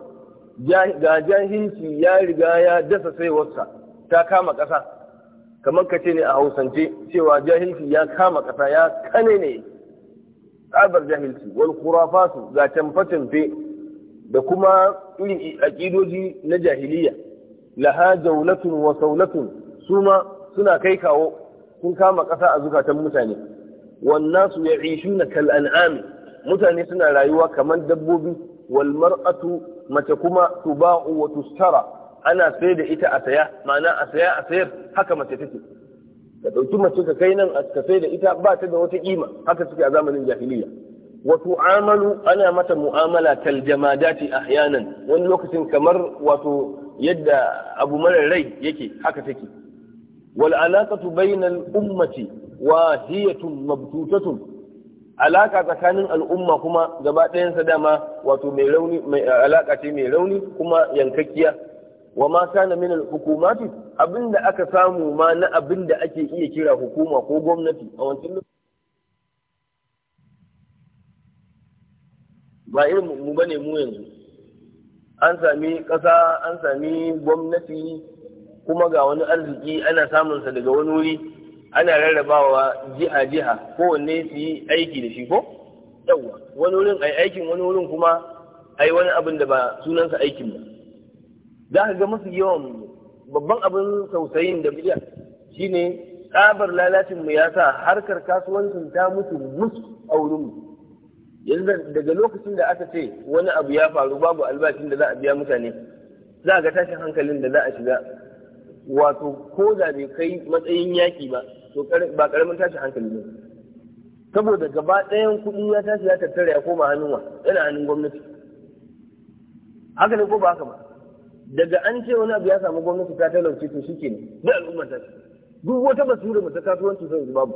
ga jahilci ya riga ya dasa saiwarsa ta kama ƙasa kamar kace ce ne a hausance cewa jahilci ya kama ƙasa ya kane ne tsabar jahilci wal khurafatu ga tamfe da kuma irin aƙidoji na jahiliya laha jaulatun wa sawlatun suma suna kai kawo sun kama ƙasa a zukatan mutane wannasu ya ishu na kal kal'an'ami mutane suna rayuwa kamar dabbobi wal mar'atu mace kuma tuba'u wa tustara ana sai da ita a ma'ana a a sayar haka mace take ka dauki mace ka kai nan ka sai da ita ba ta da wata kima haka suke a zamanin jahiliya wa tu'amalu ana mata mu'amala kal jamadati ahyanan wani lokacin kamar wato yadda abu mara rai yake haka take bai alaqatu bainal ummati wahiyatun mabtutatun alaka tsakanin al'umma kuma gaba ɗayansa dama wato mai rauni mai alaka ce mai rauni kuma yankakkiya wa ma kana min al-hukumati abinda aka samu ma na abinda ake iya kira hukuma ko gwamnati a wancan ba irin mu bane mu yanzu an sami ƙasa an sami gwamnati kuma ga wani arziki ana samunsa daga wani wuri ana rarrabawa jiha jiha ko wanne su yi aiki da shi ko yawa wani wurin ai aikin wani wurin kuma ai wani abin da ba sunansa aikin ba za ka ga musu yawan babban abin tausayin da biya shine tsabar lalacin mu ya sa harkar kasuwancin ta mutu musu a wurinmu yanzu daga lokacin da aka ce wani abu ya faru babu albashin da za a biya mutane za a ga tashin hankalin da za a shiga wato ko da bai kai matsayin yaƙi ba to ba karamin tashi hankali ne saboda gaba ɗayan kuɗi ya tashi ya tattara ya koma hannun wa yana hannun gwamnati haka ne ko ba haka ba daga an ce wani abu ya samu gwamnati ta talauce to shi ne da al'umma ta duk wata basura mu ta kasuwanci sai babu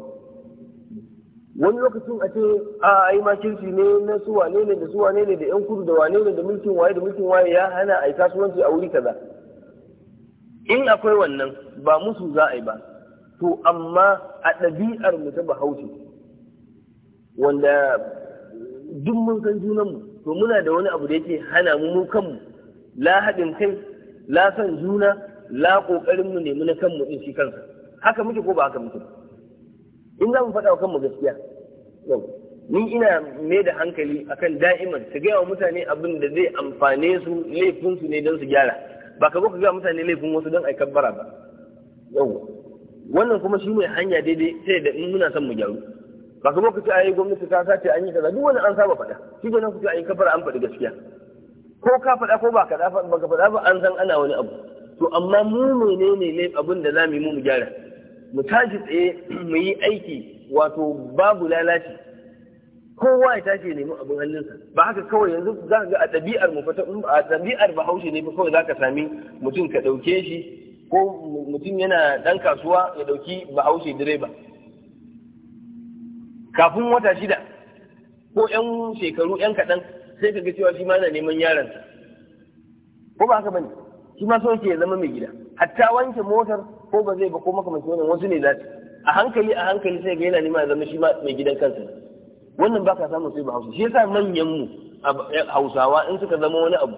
wani lokacin a ce a ai ma kirki ne na su wane ne da su wane ne da yan kudu da wane ne da mulkin waye da mulkin waye ya hana a yi kasuwanci a wuri kaza in akwai wannan ba musu za a yi ba to amma a ɗabi'ar mu ta bahaushe wanda duk mun san mu, to muna da wani abu da yake hana mu mu kanmu la haɗin kai la san juna la ƙoƙarin mu nemi na kanmu in shi kansa haka muke ko ba haka muke in za mu faɗa wa kanmu gaskiya ni ina mai da hankali akan da'iman su gaya wa mutane abin da zai amfane su laifinsu ne don su gyara ba ka zo ka ga mutane laifin wasu don aikar bara ba yawwa wannan kuma shi ne hanya daidai sai da in muna son mu gyaru ba ka zo ka ce ayi gwamnati ta sace an yi kaza duk wani an saba faɗa shi ne ku ce ayi kafara an faɗi gaskiya ko ka faɗa ko ba ka ba ka faɗa ba an san ana wani abu to amma mu menene ne abin da zamu yi mu gyara mu tashi tsaye [clears throat] mu yi aiki wato babu lalaci kowa ya tashi nemi abin hannunsa ba haka kawai yanzu za ga a ɗabi'ar mu a ɗabi'ar bahaushe ne fa kawai za ka sami mutum ka ɗauke shi ko mutum yana ɗan kasuwa ya ɗauki bahaushe direba kafin wata shida ko 'yan shekaru 'yan kaɗan sai ka ga cewa shi ma yana neman yaron ko ba haka bane shi ma so ya zama mai gida hatta wanke motar ko ba zai ba ko makamancin wannan wasu ne za a hankali a hankali sai ga yana neman ya zama shi ma mai gidan kansa wannan ba ka samun sai ba hausa shi yasa manyan mu hausawa in suka zama wani abu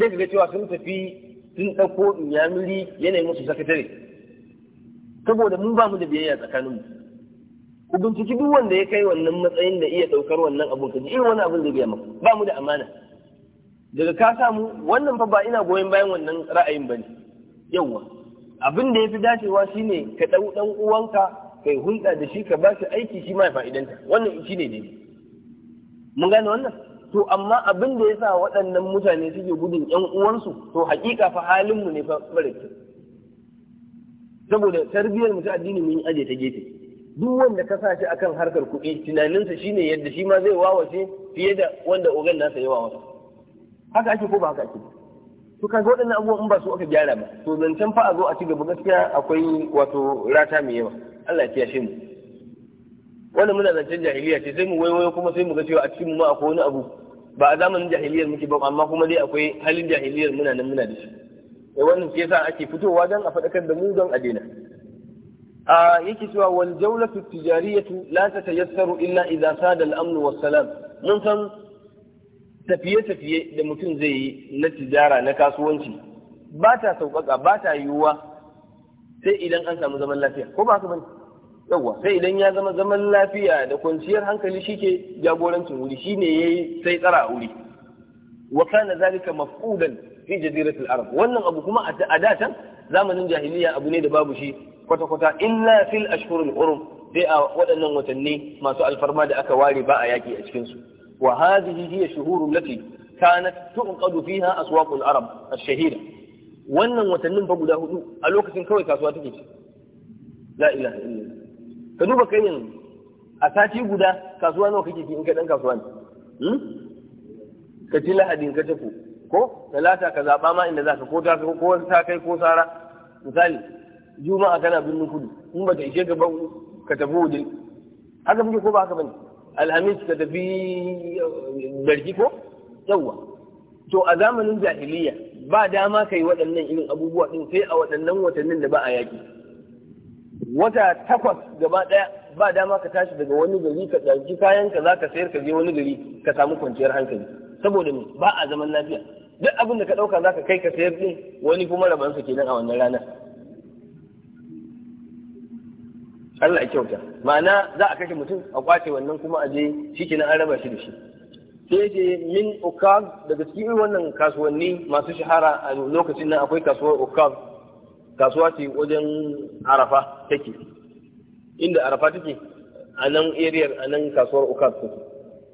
sai ka ga cewa sun tafi sun ɗauko inyamiri yanayin musu sakatare saboda mun ba mu da biyayya tsakanin mu. ku binciki duk wanda ya kai wannan matsayin da iya ɗaukar wannan abun ka ji irin wani abun da biya maka ba mu da amana daga ka samu wannan fa ba ina goyon bayan wannan ra'ayin ba ne yawwa abin da ya fi dacewa shine ka ɗau ɗan uwanka kai hulɗa da shi ka ba shi aiki shi ma ya fa'idanta wannan shi ne ne mun gane wannan to amma abin da yasa waɗannan mutane suke gudun ƴan uwansu to haƙiƙa fa halin mu ne fa barake saboda tarbiyyar mu ta addini mun aje ta gefe duk wanda ka sa shi akan harkar kuɗi tunaninsa shine yadda shi ma zai wawace fiye da wanda ogan nasa ya wawace haka ake ko ba haka ake to kaga waɗannan abubuwan in ba su aka gyara ba to zancen fa a zo a ci gaba gaskiya akwai wato rata mai yawa Allah ya kiyashe mu wannan muna zancen jahiliya ce sai mu waiwayo kuma sai mu ga cewa a cikin mu akwai wani abu ba a zamanin jahiliyar muke ba amma kuma dai akwai halin jahiliyar muna nan muna da shi eh wannan ke yasa ake fitowa dan a fadakar da mu don a daina a yake cewa wal jawlatu tijariyatu la tatayassaru illa idha sada al-amn wa salam mun san tafiye-tafiye da mutum zai yi na tijara na kasuwanci ba ta sauƙaƙa ba ta yiwuwa sai idan an samu zaman lafiya ko ba ka bane yawa sai idan ya zama zaman lafiya da kwanciyar hankali shike jagorancin wuri shine yayi sai tsara a wuri wa kana zalika mafqudan fi jaziratul arab wannan abu kuma a datan zamanin jahiliya abu ne da babu shi kwata kwata illa fil ashhurul hurum sai a waɗannan watanni masu alfarma da aka ware ba a yaki a cikin su wa hadhihi hiya shuhurul lati kanat tuqadu fiha aswaqul arab ash shahida. wannan watannin fa guda hudu a lokacin kawai kasuwa take ce la ilaha illallah ka duba kai yanzu a sati guda kasuwa nawa kake in ka dan kasuwa ne hmm? ka ci lahadin ka tafi ko talata ka zaɓa ma inda za ka ko ta ko ta kai ko sara misali juma'a kana birnin kudu in ba ta ishe ka ba ka tafi waje haka muke ko ba haka bane alhamis ka tafi eh, barki ko yawwa to a zamanin jahiliya ba dama kai waɗannan irin abubuwa din sai a waɗannan watannin da ba a yaki. wata takwas gaba ɗaya ba dama ka tashi daga wani gari ka ɗauki kayan ka za ka sayar ka je wani gari ka samu kwanciyar hankali saboda me ba a zaman lafiya duk abin da ka ɗauka za ka kai ka sayar ɗin wani kuma rabansa kenan a wannan rana Allah ya kyauta ma'ana za a kashe mutum a kwace wannan kuma a je shi na an raba shi da shi sai ce min ukab daga cikin wannan kasuwanni masu shahara a lokacin nan akwai kasuwar ukab kasuwa ce wajen arafa take inda arafa take a nan area a nan kasuwar ukar take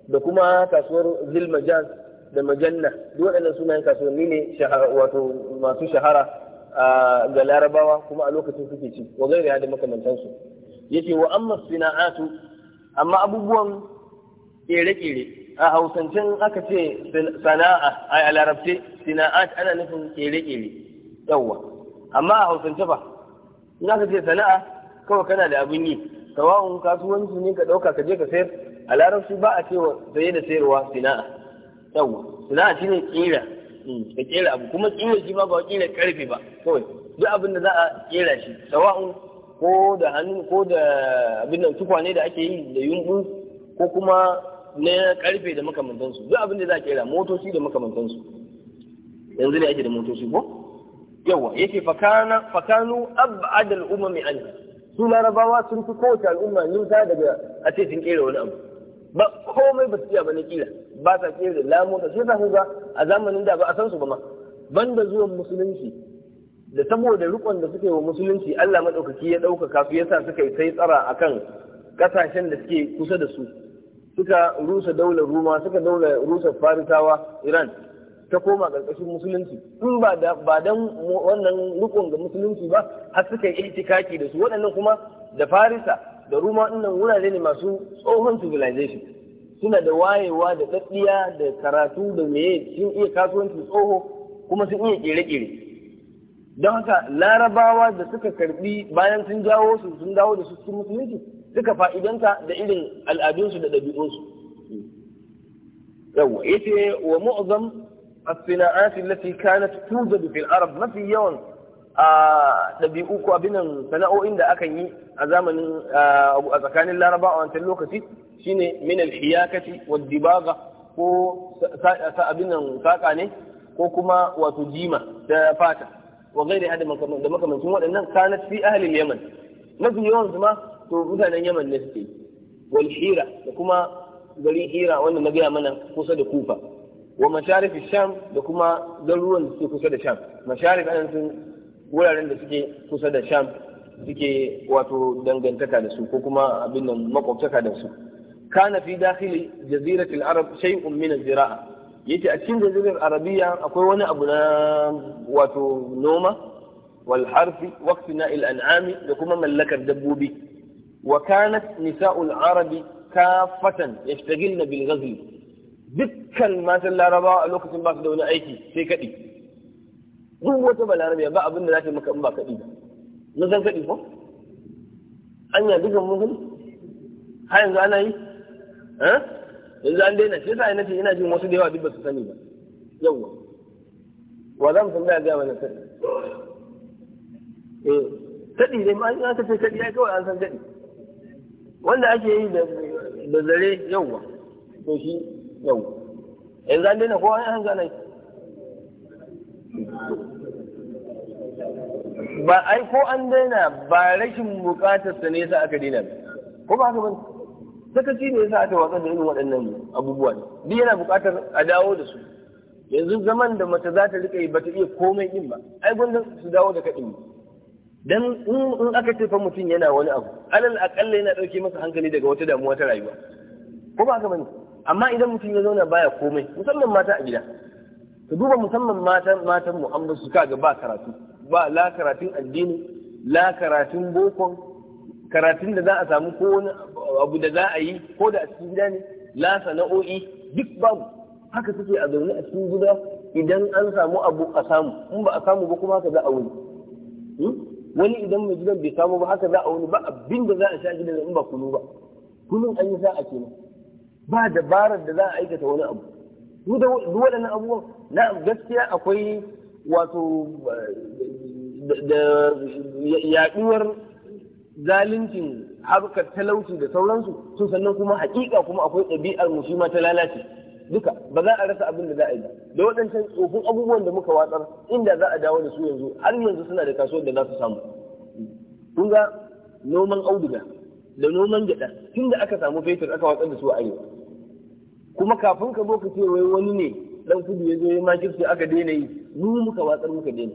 da kuma kasuwar zil majaz da majanna duk waɗannan sunayen kasuwanni ne wato masu shahara ga larabawa kuma a lokacin suke ci wa gaira da su yace wa amma sina'atu amma abubuwan kere-kere a hausancin aka ce sana'a a larabce sina'at ana nufin kere-kere yawwa amma a hausance ba in aka ce sana'a kawai kana da abin yi sawa'un kasuwanci ne ka ɗauka ka je ka sayar a larabci ba a wa saye da sayarwa sana'a yawa sana'a shine kira mm, ka kera abu kuma kira shi ba ba kira karfe ba kawai duk abin da za a kera shi sawa'un ko da hannu ko da abin nan tukwane da ake yi da yumbu ko kuma na karfe da makamantansu duk abin da za a kera motoci da makamantansu yanzu ne ake da motoci ko yawa yake fakana fakanu ab'ad al-umami anhu su larabawa sun fi kowace al'umma nisa daga a ce sun kera wani abu ba komai ba su iya bane kila ba sa kera da lamota sai sa ga a zamanin da ba a san su ba ma banda zuwan musulunci da saboda rikon da suke wa musulunci Allah madaukaki ya ɗaukaka su yasa suka yi sai tsara akan kasashen da suke kusa da su suka rusa daular ruma suka daular rusa farisawa Iran ta koma ƙarƙashin musulunci in ba da ba dan wannan rukun ga musulunci ba har suka yi itikaki da su waɗannan kuma da Farisa da ruma ɗinnan wurare ne masu tsohon civilization suna da wayewa da ɗaɗɗiya da karatu da meye sun iya kasuwanci tsoho kuma sun iya ƙere-ƙere don haka larabawa da suka karbi bayan sun jawo su sun dawo da su cikin musulunci suka fa'idanta da irin al'adunsu da ɗabi'unsu yawwa ce wa mu'zam الصناعات التي كانت توجد في العرب ما في يوم دبيؤوكو آه، أبنان سنأو إن دا أكي أزامن آه، أزكان آه، الله ربا وأن تلوك شيني من الحياكة والدباغة وأبنان ساقاني وكما وتجيما فاتا وغير هذا من دمك من سمو لأنه كانت في أهل اليمن ما في يوم زما تبوثان اليمن نفسي والحيرة وكما غري حيرة وأن نجيها منا قصد كوفة wa masharif sham da kuma garuruwan da suke kusa da sham masharif ana nufin wuraren da suke kusa da sham suke wato dangantaka da su ko kuma abin nan makwabtaka da su kana fi dakhili jaziratul arab shay'un min az-zira'a yace a cikin jazirar arabiya akwai wani abu na wato noma wal harfi waqti na'il an'ami da kuma mallakar dabbobi wa kanat nisa'ul arabi kafatan yashtagilna bil ghazl dukkan matan larabawa a lokacin ba su da wani aiki sai kaɗi duk wata balarabiya ba abin da za ta maka in ba kaɗi ba mun san kaɗi ko anya duka mun san har yanzu ana yi yanzu an daina shi yasa nace ina jin wasu da yawa duk ba su sani ba yawa wa za mu san da ga mana kaɗi eh kaɗi dai ma an aka ce kaɗi ai kawai an san kaɗi wanda ake yi da zare yawa to shi yau yanzu an daina kowa an zana ba ai ko an daina ba rashin bukatar sa ne sa aka daina ko ba ka ba sakaci ne sa aka watsar da irin waɗannan abubuwa duk yana bukatar a dawo da su yanzu zaman da mace za ta rika yi ta iya komai din ba ai gwamnan su dawo da kaɗin dan in aka ce fa mutum yana wani abu alal akalla yana ɗauke masa hankali daga wata damuwa ta rayuwa ko ba ka bane amma idan mutum ya zauna baya komai musamman mata a gida ka duba musamman matan matan mu an basu kaga ba karatu ba la karatun addini la karatun bokon karatun da za a samu ko wani abu da za a yi ko da a cikin gida ne la sana'o'i duk babu haka suke a zaune a cikin gida idan an samu abu a samu in ba a samu ba kuma haka za a wuni hmm? wani idan mai gidan bai samu ba haka za a wuni ba abin da za a sha gidan in ba kunu ba kunun an yi sa'a kenan ba dabarar da za a aikata wani abu duk waɗannan abubuwan na gaskiya akwai wato da yaɗuwar zalincin harkar talauci da sauransu to sannan kuma hakika kuma akwai ɗabi'ar musulma ta lalace duka ba za a rasa abin da za a yi da waɗancan tsofin abubuwan da muka watsar inda za a dawo da su yanzu har yanzu suna da kasuwar da za su samu kun ga noman auduga da noman gyaɗa tun da aka samu fetur aka watsar da su a arewa kuma kafin ka zo ka ce wai wani ne dan kudu ya zo ya makirci aka daina yi mu muka watsar muka daina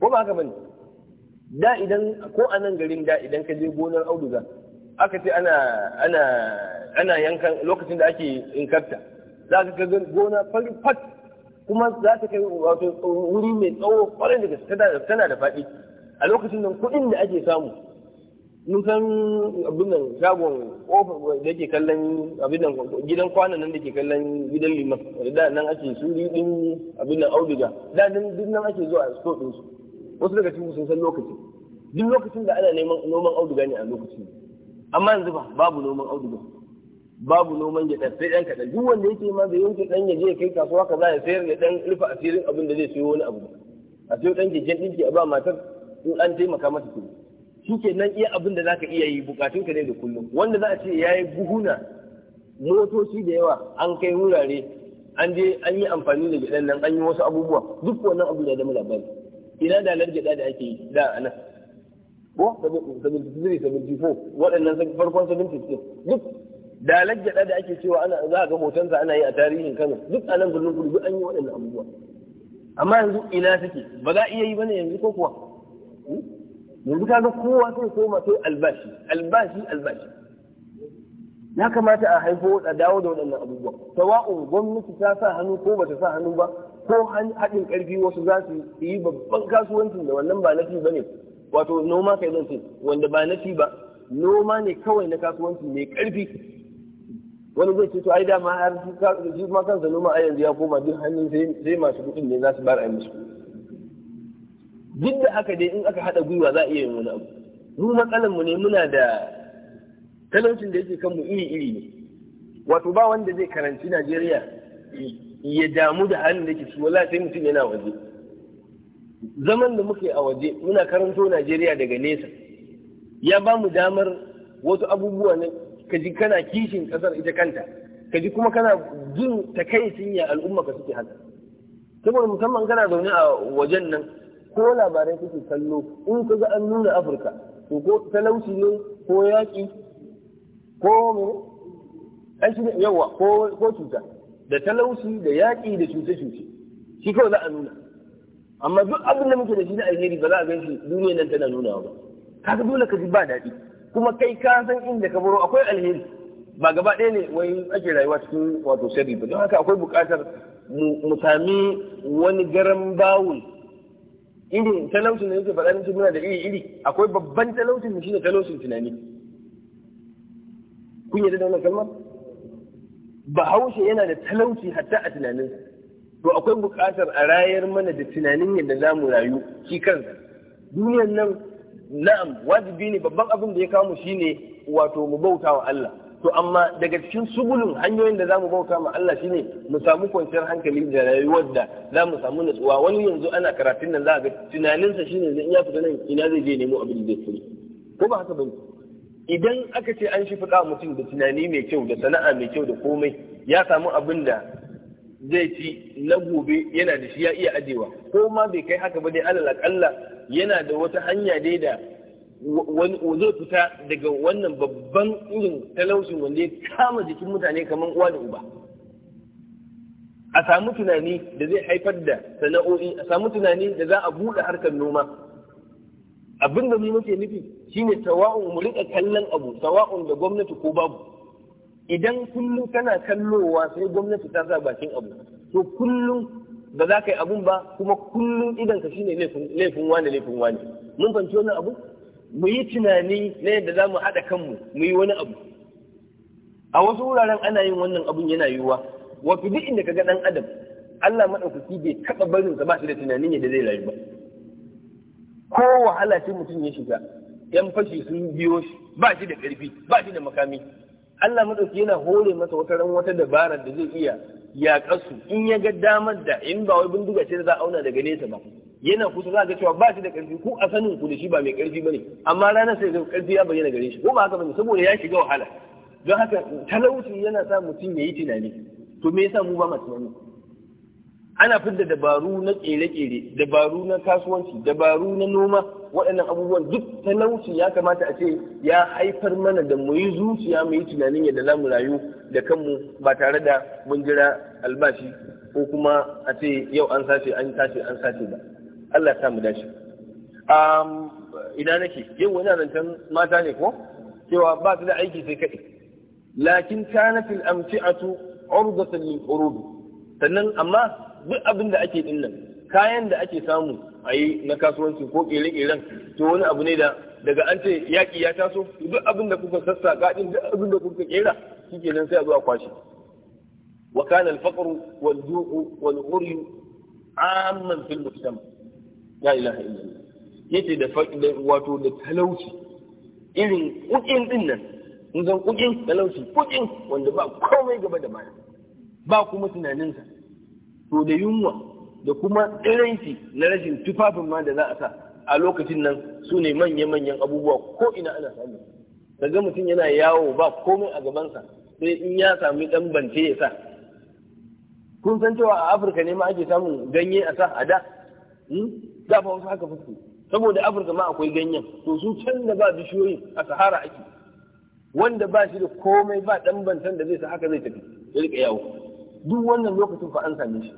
ko ba haka bane da idan ko a nan garin da idan ka je gonar auduga aka ce ana ana ana yankan lokacin da ake inkarta za ka ga gona fari fat kuma za ta kai wato wuri mai tsawo kwarai da gaske tana da faɗi a lokacin nan kuɗin da ake samu mun san abin nan shagon kofar da ke kallon abin nan gidan kwanan nan da ke kallon gidan liman da nan ake suri din abin nan auduga da nan duk nan ake zuwa a store din su wasu daga cikin sun san lokaci duk lokacin da ana neman noman auduga ne a lokaci amma yanzu ba babu noman auduga babu noman gyaɗa sai ɗan kaɗan duk wanda yake ma zai yanke ɗan ya je kai kasuwa ka za ya sayar ya ɗan rufe asirin abin da zai siyo wani abu a siyo ɗan keken ɗinki a ba matar in an taimaka mata kuma ke nan iya abin da zaka iya yi bukatunka ne da kullum wanda za a ce ya yi buhuna motoci da yawa an kai wurare an je an yi amfani da gidan nan an yi wasu abubuwa duk wannan abu da da labari ina da gida da ake yi da anan ko 73 74 waɗannan farkon 76 duk da gida da ake cewa ana za a ga hotonsa ana yi a tarihin Kano duk a nan birnin Kudu duk an yi waɗannan abubuwa amma yanzu ina suke ba za a iya yi bane yanzu ko kuwa hmm? yanzu kaga kowa sai koma sai albashi albashi albashi ya kamata a haifo a dawo da waɗannan abubuwa sawa'un gwamnati ta sa hannu ko ba ta sa hannu ba ko haɗin ƙarfi wasu za su yi babban kasuwancin da wannan ba nafi ba ne wato noma kai zan ce wanda ba nafi ba noma ne kawai na kasuwanci mai ƙarfi wani zai ce to ai dama har shi ma kansa noma a yanzu ya koma duk hannun sai masu kuɗin ne za su bar a yi musu duk da haka dai in aka haɗa gwiwa za a iya yin wani abu mu matsalar mu ne muna da talaucin da yake kanmu iri iri ne wato ba wanda zai karanci Najeriya ya damu da halin da ke su wala sai mutum yana waje zaman da muke a waje muna karanto Najeriya daga nesa ya ba mu damar wasu abubuwa na kaji kana kishin kasar ita kanta kaji kuma kana jin takaicin ya al'umma ka suke haka saboda musamman kana zaune a wajen nan ko labarai kake kallo in ka ga an nuna afirka to ko talauci ne ko yaƙi ko mu an shi yawa ko cuta da talauci da yaƙi da cuce-cuce shi kawai za a nuna amma duk abin da muke da shi na alheri ba za a ganshi duniya duniyar nan tana nunawa ba kaga dole ka ji ba daɗi kuma kai ka san inda ka baro akwai alheri ba gaba ɗaya ne wai ake rayuwa cikin wato sharri ba don haka akwai buƙatar mu sami wani garan bawul irin talaucin da yake faɗa nace muna da iri iri akwai babban talaucin da shine talaucin tunani kun yi da wannan kalmar bahaushe yana da talauci hatta a tunanin to akwai buƙatar a rayar mana da tunanin yadda za mu rayu shi kansa duniyan nan na'am wajibi ne babban abin da ya kawo mu shine wato mu bauta wa Allah to amma daga cikin subulun hanyoyin da za mu bauta ma Allah shine mu samu kwanciyar hankali da rayuwar da za mu samu natsuwa wani yanzu ana karatun nan za ga tunaninsa shine zai iya fita nan ina zai je nemo abin da yake ko ba haka bane idan aka ce an shi fuka mutum da tunani mai kyau da sana'a mai kyau da komai ya samu abin da zai ci na gobe yana da shi ya iya ajewa ko ma bai kai haka ba dai alal akalla yana da wata hanya dai da zai fita daga wannan babban irin talaucin wanda ya kama jikin mutane kamar uwa da uba a samu tunani da zai haifar da sana'o'i a samu tunani da za a buɗe harkar noma abin da muke nufi shine tawa'un mu rika kallon abu tawa'un da gwamnati ko babu idan kullum kana kallowa sai gwamnati ta sa bakin abu to kullum ba za ka yi abun ba kuma kullum idan ka shine laifin wani laifin wani mun fahimci wannan abu mu yi tunani na yadda za mu haɗa kanmu mu yi wani abu a wasu wuraren ana yin wannan abun yana yiwuwa wato duk inda ga ɗan adam Allah maɗaukaki bai taɓa barin sa ba shi da tunanin yadda zai rayu ba ko wahala ce mutum ya shiga yan fashi sun biyo shi ba shi da ƙarfi ba shi da makami Allah maɗauki yana hore masa wata ran wata dabarar da zai iya yaƙar su in ya ga damar da in ba wai bindiga ce da za a auna daga nesa ba yana kusa za ga cewa ba shi da ƙarfi ko a sanin ku da shi ba mai ƙarfi ne amma ranar sai zai ƙarfi ya bayyana gare shi ko ba haka bane saboda ya shiga wahala don haka talauci yana sa mutum ya yi tunani to me yasa mu ba mu tunani ana fidda dabaru na ƙere-ƙere dabaru na kasuwanci dabaru na noma waɗannan abubuwan duk talauci ya kamata a ce ya haifar mana da mu yi zuciya mu yi tunanin yadda za mu rayu da kanmu ba tare da mun jira albashi ko kuma a ce yau an sace an sace an sace ba Allah samu dace Ina nake yau wani rantan mata ne ko cewa ba su da aiki sai kaɗai lakin kanat al-amti'atu urdatan min urud sannan amma duk abin da ake dinnan, kayan da ake samu a yi na kasuwanci ko ƙere-ƙeren to wani abu ne da daga an ce yaƙi ya taso duk abin da kuka sassaƙa ɗin, duk abin da kuka ƙera shi nan sai a zo a kwashe wa kana al-faqru wal ju'u wal amman fil mujtama' la ilaha illallah yace da wato da talauci irin kukin din nan in zan kukin talauci kukin wanda ba komai gaba da baya ba kuma tunaninsa to da yunwa da kuma tsiranci na rashin tufafin ma da za a sa a lokacin nan su ne manya-manyan abubuwa ko ina ana samu daga mutum yana yawo ba komai a gabansa sai in ya sami dan bance ya sa kun san cewa a afirka ne ma ake samun ganye a sa a da hmm? da ba wasu haka fuske saboda afirka ma akwai ganyen to su can da ba bishiyoyi a sahara ake wanda ba shi da komai ba dan bantan da zai sa haka zai tafi ya rika yawo duk wannan lokacin fa an same shi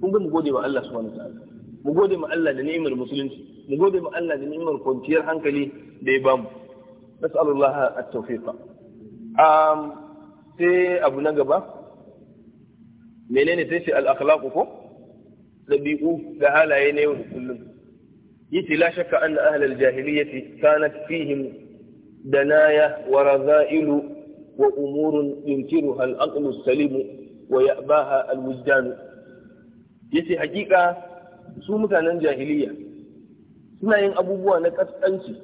kun ga mu gode wa Allah subhanahu ta'ala mu gode ma Allah da ni'imar musulunci mu gode ma Allah da ni'imar kwanciyar hankali da ya bamu nas'alullah at-tawfiqa um sai abu na gaba menene sai shi al-akhlaq ko dabi'u da halaye na yau da kullum yace la shakka anna ahlal jahiliyyati kanat fihim danaya wa razailu wa umurun yunkiruha al-aqlu as wa ya'baha al-wujdan yace hakika su mutanen jahiliya suna yin abubuwa na kaskanci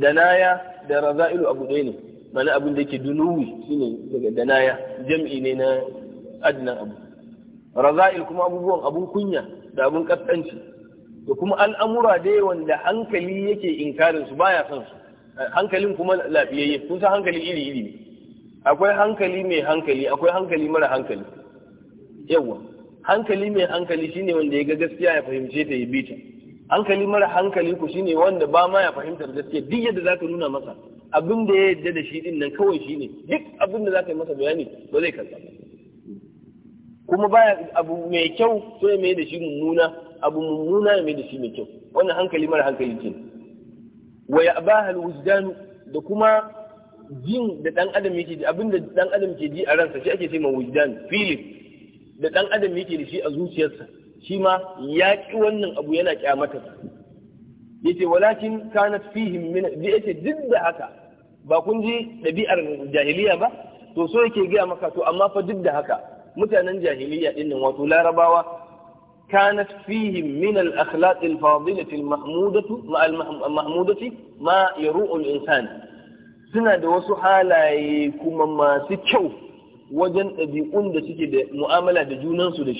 danaya da razailu abu ɗaya ne mana abin da yake dunuwi shine daga danaya jam'i ne na adnan abu raza'il kuma abubuwan abun kunya da abun kaskanci da kuma al'amura dai wanda hankali yake inkarin su baya son su hankalin kuma lafiyayye kun san hankali iri iri ne akwai hankali mai hankali akwai hankali mara hankali yawa hankali mai hankali shine wanda ya ga gaskiya ya fahimce ta yi bita. hankali mara hankali ku shine wanda ba ma ya fahimtar gaskiya duk yadda zaka nuna masa abin da ya yadda da shi din nan kawai shi ne. duk abin da zaka yi masa bayani ba zai karɓa kuma baya abu mai kyau sai mai da shi mummuna abu mummuna ya mai da shi mai kyau wannan hankali mara hankali ce wa ya ba wujdan da kuma jin da dan adam yake ji abinda dan adam ke ji a ransa shi ake ce wujdan feeling da dan adam yake da shi a zuciyarsa shi ma ya ki wannan abu yana kyamata yace walakin kanat fihim min yace duk da haka ba kun ji ɗabi'ar jahiliya ba to so yake gaya maka to amma fa duk da haka mutanen jahiliya dinnan wato larabawa كانت فيهم من الأخلاق الفاضلة المحمودة مع المحمودة ما يروء الإنسان سنة دوسو حالا كما ما سكو وجن أبيئون دا سكي دا مؤاملة دا جونان سو دا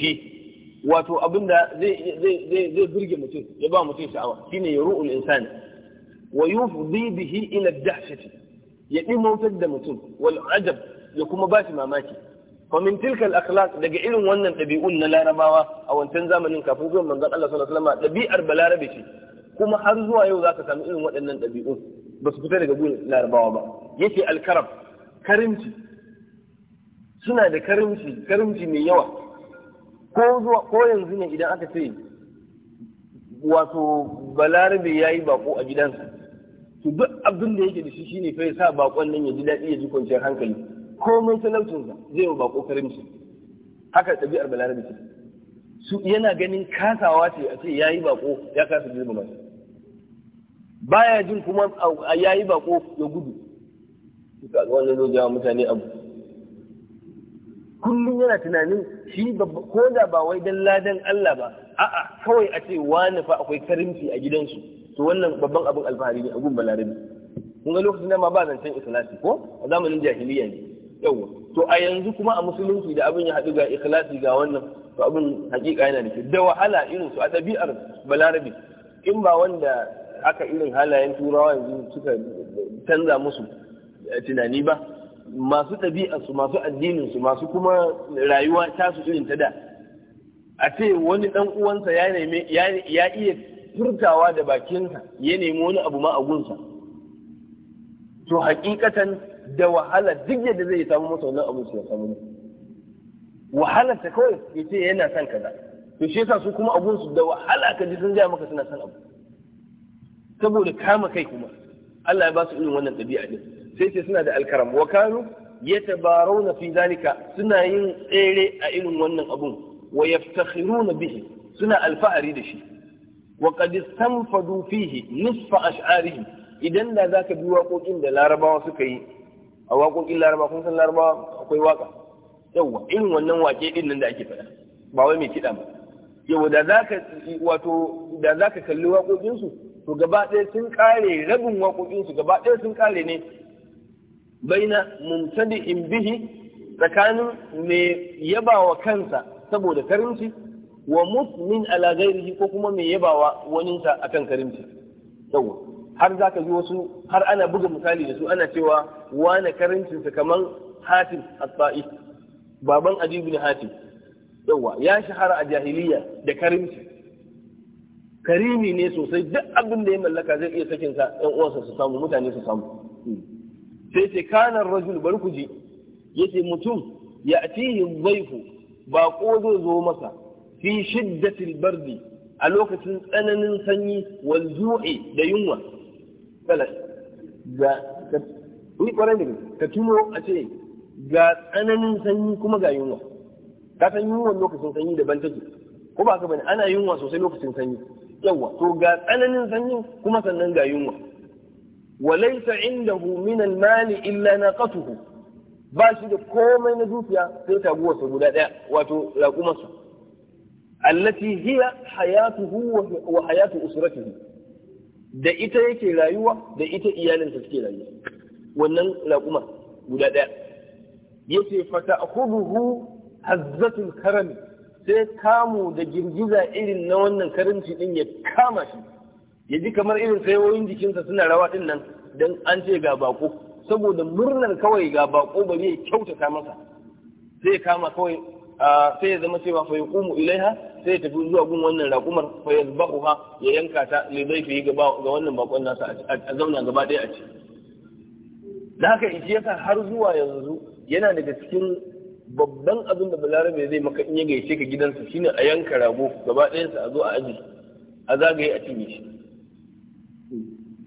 واتو أبن دا زي, زي, زي, زي برجة متين يبا متين شعوة كين يروء الإنسان ويفضي به إلى الدهشة يأتي موتد دا متين والعجب يكون باتي ماماتي fa min akhlaq daga irin wannan dabi'un na larabawa a wancan zamanin kafin zuwan manzon Allah sallallahu alaihi wasallam dabi'ar balarabe ce kuma har zuwa yau zaka samu irin waɗannan dabi'un ba su fita daga gurin larabawa ba yace al karam karimci suna da karimci karimci mai yawa ko zuwa ko yanzu ne idan aka ce wato balarabe yayi bako a gidansa to duk abin da yake da shi shine fa ya sa bakon nan ya ji daɗi ya ji kwanciyar hankali komai sa zai yi bako karimci haka ɗabi'ar balarabe ce su yana ganin kasawa ce a ce ya yi bako ya kasa girma masu baya jin kuma a ya yi bako ya gudu Su ka wannan zai jawo mutane abu kullum yana tunanin shi ko da ba wai dan ladan Allah ba a'a kawai a ce wani fa akwai karimci a gidansu to wannan babban abin alfahari ne a gun balarabe kun ga lokacin da ma ba zancen ikhlasi ko a zamanin jahiliya ne yawa to a yanzu kuma a musulunci da abin ya haɗu ga ikhlasi ga wannan to abin hakika yana da da wahala irin su a ɗabi'ar balarabi in ba wanda aka irin halayen turawa yanzu suka canza musu eh, tunani ba masu ɗabi'arsu masu addininsu masu kuma rayuwa tasu irin ta da a ce wani ɗan uwansa ya neme ya iya furtawa da bakinsa ya nemi wani abu ma a gunsa to hakikatan da wahala duk yadda zai samu masa wannan abin su ya samu wahala ta kawai ya ce yana son kaza to shi yasa su kuma abun su da wahala ka ji sun gaya maka suna son abu saboda kama kai kuma Allah ya ba su irin wannan ɗabi'a din sai ce suna da alkaram wa kanu yatabarawna fi zalika suna yin tsere a irin wannan abun wa yaftakhiruna bihi suna alfahari da shi wa qad istanfadu fihi nisfa ash'arihi idan da zaka bi waƙoƙin da larabawa suka yi a waƙoƙin laraba kun san laraba akwai waƙa yawa irin wannan wake din nan da ake faɗa ba wai mai kiɗa ba yau da za ka wato da za ka kalli waƙoƙinsu to gaba ɗaya sun kare rabin waƙoƙinsu gaba ɗaya sun kare ne baina mumtadi in bihi tsakanin mai yabawa kansa saboda karimci wa musmin ala ghairihi ko kuma mai yabawa waninsa akan karimci yawa har za ka ji wasu har ana buga misali da su ana cewa wane karancinsa kamar hatim asfa'i baban ajibu ne hatim yawa ya shahara a jahiliya da karimci karimi ne sosai duk abin da ya mallaka zai iya sakin sa ɗan uwansa su samu mutane su samu sai ce kanar rajul bari ku ji yace mutum ya atihi zaifu ba ko zai zo masa fi shiddatil bardi a lokacin tsananin sanyi wal da yunwa salaf ga ni kwarai da ka tuno a ce ga tsananin sanyi kuma ga yunwa ka san yunwa lokacin sanyi daban take ko ba ka bane ana yunwa sosai lokacin sanyi yawa to ga tsananin sanyi kuma sannan ga yunwa walaysa indahu min al-mali illa naqatuhu ba shi da komai na dukiya sai taguwarsa guda ɗaya wato raƙumarsa allati hiya hayatuhu wa hayatu usratihi da ita yake rayuwa da ita iyalinsa suke rayuwa wannan laƙuma guda ɗaya Ya yace fata akhuduhu hazzatul karami sai kamu da girgiza irin na wannan karanci ɗin ya kama shi ya ji kamar irin sayoyin jikinsa suna rawa ɗin nan dan an ce ga bako saboda murnar kawai ga bako bari ya kyautata masa sai kama kawai sai ya zama cewa fa yaqumu ilaiha sai tafi zuwa gun wannan raƙumar fa yazbahuha ya yanka ta li zaifi ga ga wannan bakon nasa a zauna gaba ɗaya a ci da haka shi yasa har zuwa yanzu yana daga cikin babban abin da balarabe zai maka in ya gaishe ka gidansa shine a yanka rago gaba ɗayansa a zo a aji a zagaye a cinye shi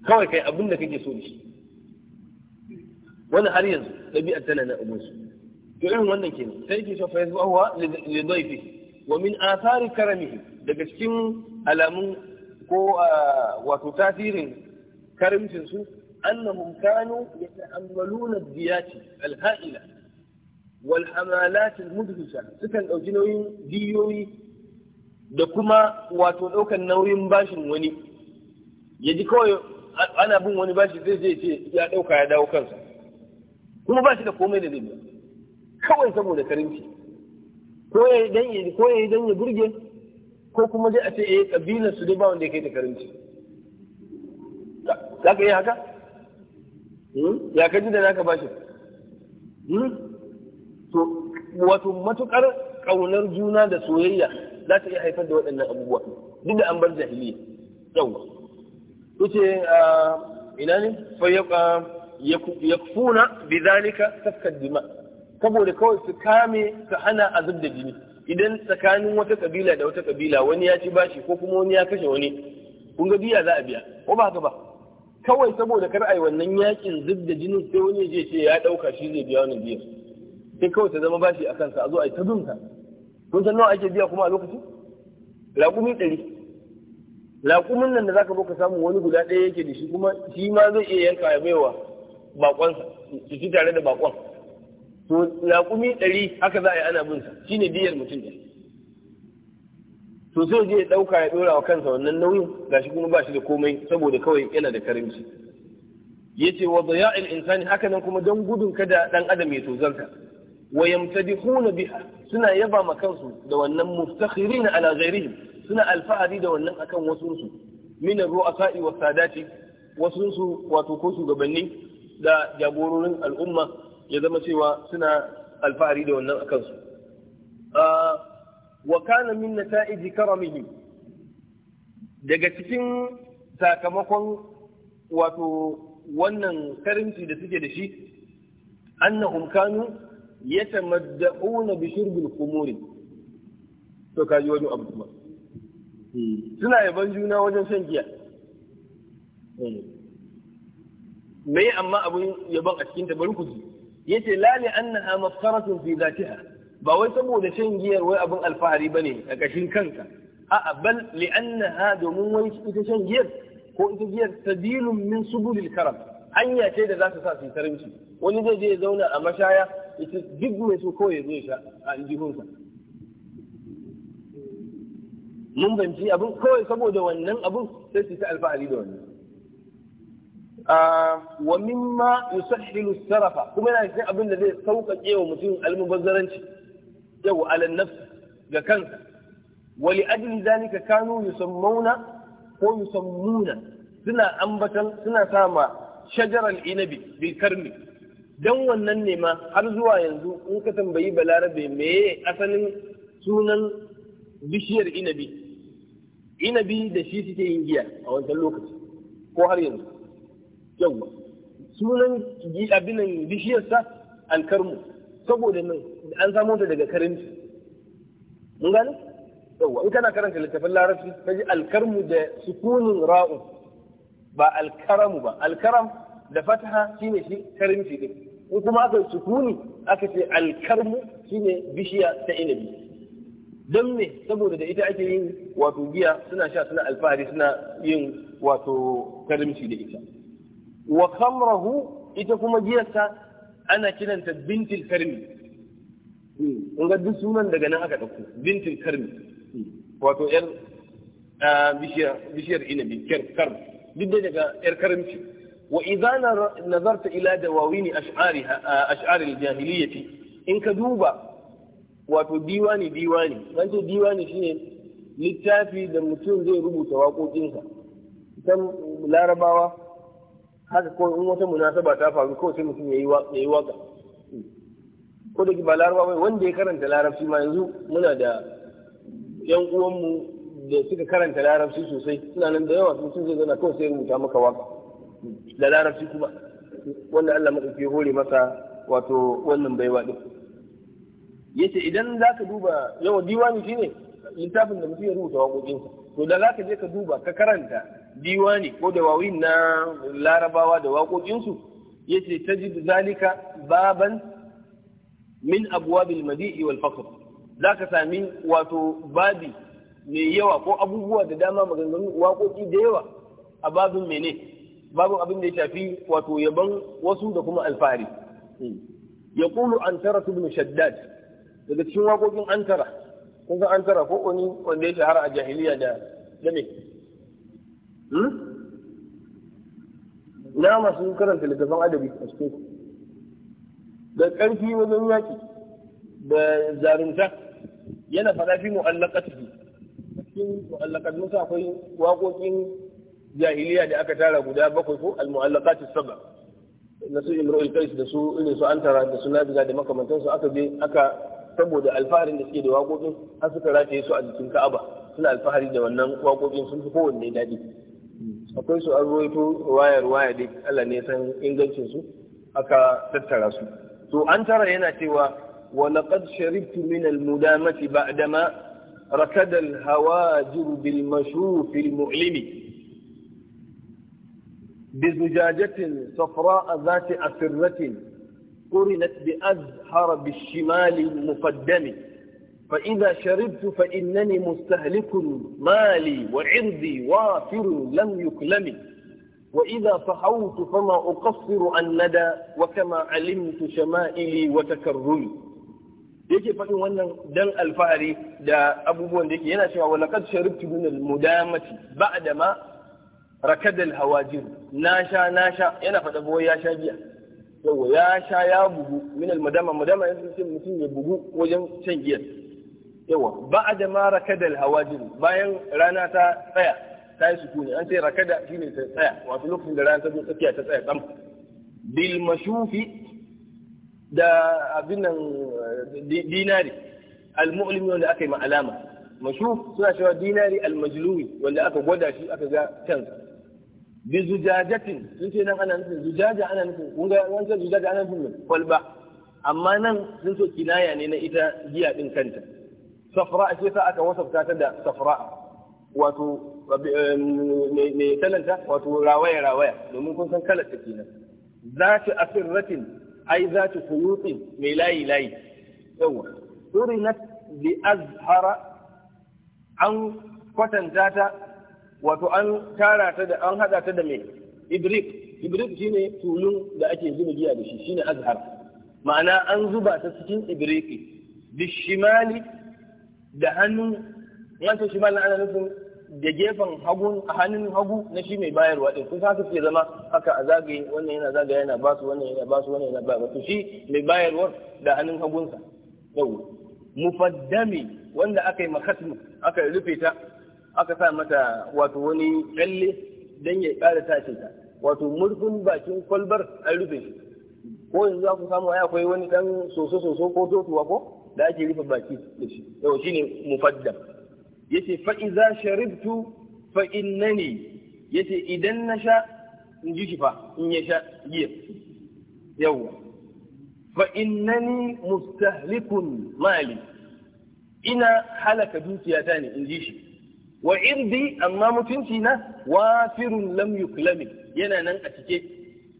kawai kai abin da kake so da shi wani har yanzu ɗabi'ar tana na abinsu. to irin wannan kenan sai ke shafa fa yazbahuha li dhaifi wa min athari karamihi daga cikin alamun ko wato tasirin karamcin su annahum kanu yata'ammaluna diyati alha'ila wal hamalat almudhisha sukan dauki nauyin diyoyi da kuma wato daukan nauyin bashin wani yaji kawai ana bin wani bashi zai je ce ya dauka ya dawo kansa kuma bashi da komai da zai kawai saboda karimci ko ya yi ko ya burge ko kuma dai a ce yi eh, kabilar su dai ba wanda kai da karanci za ka yi haka hmm? ya ka ji da naka bashi hmm? to wato matukar kaunar juna da soyayya za ta iya haifar da waɗannan abubuwa duk da an bar jahiliya yawa ce ah, ina ne fa yakfuna ah, zalika tafkad dima' saboda kawai su kame su hana a zub da jini idan tsakanin wata kabila da wata kabila wani ya ci bashi ko kuma wani ya kashe wani kun ga biya za a biya ko ba haka ba kawai saboda kar ai wannan yakin zub da jini sai wani je ce ya dauka shi zai biya wannan biyan sai kawai ta zama bashi a kansa a zo a yi ta dunta kun san nawa ake biya kuma a lokacin raƙumi ɗari raƙumin nan da zaka zo ka samu wani guda ɗaya yake da shi kuma shi ma zai iya yanka ya baiwa baƙonsa su ci tare da bakon to raƙumi ɗari haka za a yi ana bin sa shine biyar mutum ɗari to sai je ya ɗauka ya ɗora wa kansa wannan nauyin gashi kuma ba shi da komai saboda kawai yana da karimci yace wa daya'il insani haka nan kuma don gudun kada dan adam ya tozanta wa yamtadihuna biha suna yaba ma kansu da wannan muftakhirin ala ghairihim suna alfahari da wannan akan wasu su min ru'asa'i wa sadati wasu su wato ko shugabanni da jagororin al'umma ya zama cewa suna alfahari da wannan a kansu wa kana min na nata'iji karamihi daga cikin sakamakon wato wannan karimci da suke da shi annahum kanu yatamaddauna bi shurbil Kumuri, to kaji wani abu kuma suna yaban juna wajen shan giya hmm. me amma abun yaban a cikin ta bari yace la li annaha mafsaratun fi zatiha ba wai saboda shan giyar wai abin alfahari bane a ƙashin kanka a'a bal li ha domin wai ita shan giyar ko ita giyar sabilun min subulil karam hanya ce da za ta sa su karimci wani zai je ya zauna a mashaya ita duk mai so kawai ya zo sha a aljihunsa mun banci abin kawai saboda wannan abin sai su ta alfahari da wannan wa mimma yusahhilu sarafa kuma yana cikin abin da zai sauƙaƙe wa mutum almubazzaranci yau alan nafs ga kansa wa li zani ka kanu mauna ko yusammuna suna ambatan suna sama shajarar inabi bil karni, dan wannan nema har zuwa yanzu in ka tambayi balarabe meye asalin sunan bishiyar inabi inabi da shi suke yin giya a wancan lokaci ko har yanzu yawa sunan abinan bishiyarsa alkarmu saboda nan an samu ta daga karinci mun gane yawa in kana karanta littafin larabci ka ji alkarmu da sukunin ra'u ba alkaramu ba alkaram da fataha shine shi karinci din in kuma aka sukuni aka ce alkarmu shine bishiya ta inabi don me saboda da ita ake yin wato giya suna sha suna alfahari suna yin wato karimci da ita وخمره إتكو مجيسا أنا كننت بنت الكرم ونقد سونا لغنا هكذا بنت الكرم واتو إر آه، بشير بشير إنا بكر كرم بدأ لغا إر كرم وإذا نظرت إلى دواوين أشعارها آه، أشعار الجاهلية إن كدوبا واتو ديواني ديواني وانتو ديواني شنين لتافي دمتون زي ربو تواقو تنسا كم لا رباوه haka ko in wata munasaba ta faru kawai sai mutum ya yi waka ko da ba laraba bai wanda ya karanta larabci ma yanzu muna da yan uwanmu da suka karanta larabci sosai suna nan da yawa sun zai zana kawai sai rubuta maka waka da larabci kuma wanda Allah maka hore masa wato wannan baiwa din yace idan zaka duba yawa diwani shine littafin da mutum ya rubuta waƙoƙinsa to da za ka je ka duba ka karanta diwani ko dawawin na larabawa da waƙoƙinsu ya ce ta ji zalika baban min abuwa madi'i wal fakr za ka sami wato babi mai yawa ko abubuwa da dama maganganun waƙoƙi da yawa a babin mene babin abin da ya shafi wato yaban wasu da kuma alfahari hmm. ya kulu an tara ibn shaddad daga cikin waƙoƙin an tara kun san an tara ko wani wanda ya shahara a jahiliya da da me hmm? na masu karanta littafin adabi a cikin da ƙarfi wajen yaƙi da zarunta yana faɗa fi mu'allaqatihi cikin mu'allaqat musa akwai waƙoƙin jahiliya da aka tara guda bakwai ko al-mu'allaqatis sab'a na su imru'ul qais da su ne su antara da su nabiga da makamantansu aka je aka saboda alfaharin da suke da waƙoƙin har suka rataye su a jikin ka'aba suna alfahari da wannan waƙoƙin sun fi kowanne daɗi akwai su an wayar waya dai Allah ne san ingancin su aka tattara su to an tara yana cewa wa laqad sharibtu min al-mudamati ba'dama ركد الهواجر بالمشروف المؤلم بزجاجة صفراء ذات أسرة قرنت بأزهر بالشمال مقدم فإذا شربت فإنني مستهلك مالي وعرضي وافر لم يكلم وإذا صحوت فما أقصر عن ندى وكما علمت شمائلي وتكرمي yake faɗin wannan dan alfahari da abubuwan da yake yana cewa wa laqad sharibtu min al-mudamati ba'da ma rakada al-hawajir na sha na sha yana faɗa boye ya sha biya yawa ya sha ya bugu min almadama madama yanzu sai mutum ya bugu wajen shan giyar yawa ba'da ma rakada alhawajin bayan rana ta tsaya ta yi sukuni an sai rakada shine ta tsaya wato lokacin da rana ta zo tsakiya ta tsaya tsam bil mashufi da abin nan dinari almu'limi wanda aka yi ma alama mashuf suna cewa dinari almajlumi wanda aka gwada shi aka ga kansa bi zujajatin sun ce nan ana nufin zujaja ana nufin kun ga wancan zujaja ana nufin kwalba amma nan sun so kinaya ne na ita giya din kanta safra ce sa aka wasafta ta da safra wato mai talanta wato rawaya rawaya domin kun san kalar ta kenan zati asirratin ai zati khuyutin mai layi layi yawa surinat bi azhara an kwatanta ta wato an tara ta da an hada ta da mai ibrik ibrik shine tulun da ake zuba giya da shi shine azhar ma'ana an zuba ta cikin ibriki bishimali da hannun wancan shimali ana nufin da gefen hagun hannun hagu na shi mai bayarwa din kun haka ke zama haka a zagaye wannan yana zagaye yana basu wannan yana basu wannan yana ba to shi mai bayarwar da hannun hagunsa yau mufaddami wanda aka yi makasmu aka rufe ta aka sa mata wato wani kyalle don ya ƙara tashin ta wato murfin bakin kwalbar a rufe shi ko yanzu za ku samu ai akwai wani dan soso soso ko totuwa ko da ake rufe baki da shi yau shine mufaddam yace fa iza sharibtu fa innani yace idan na sha in ji shi fa in ya sha giya fa'in fa innani mustahlikun mali ina halaka dukiyata ne in ji shi wa irdi amma mutunci na wafirun lam yuklamin yana nan a cike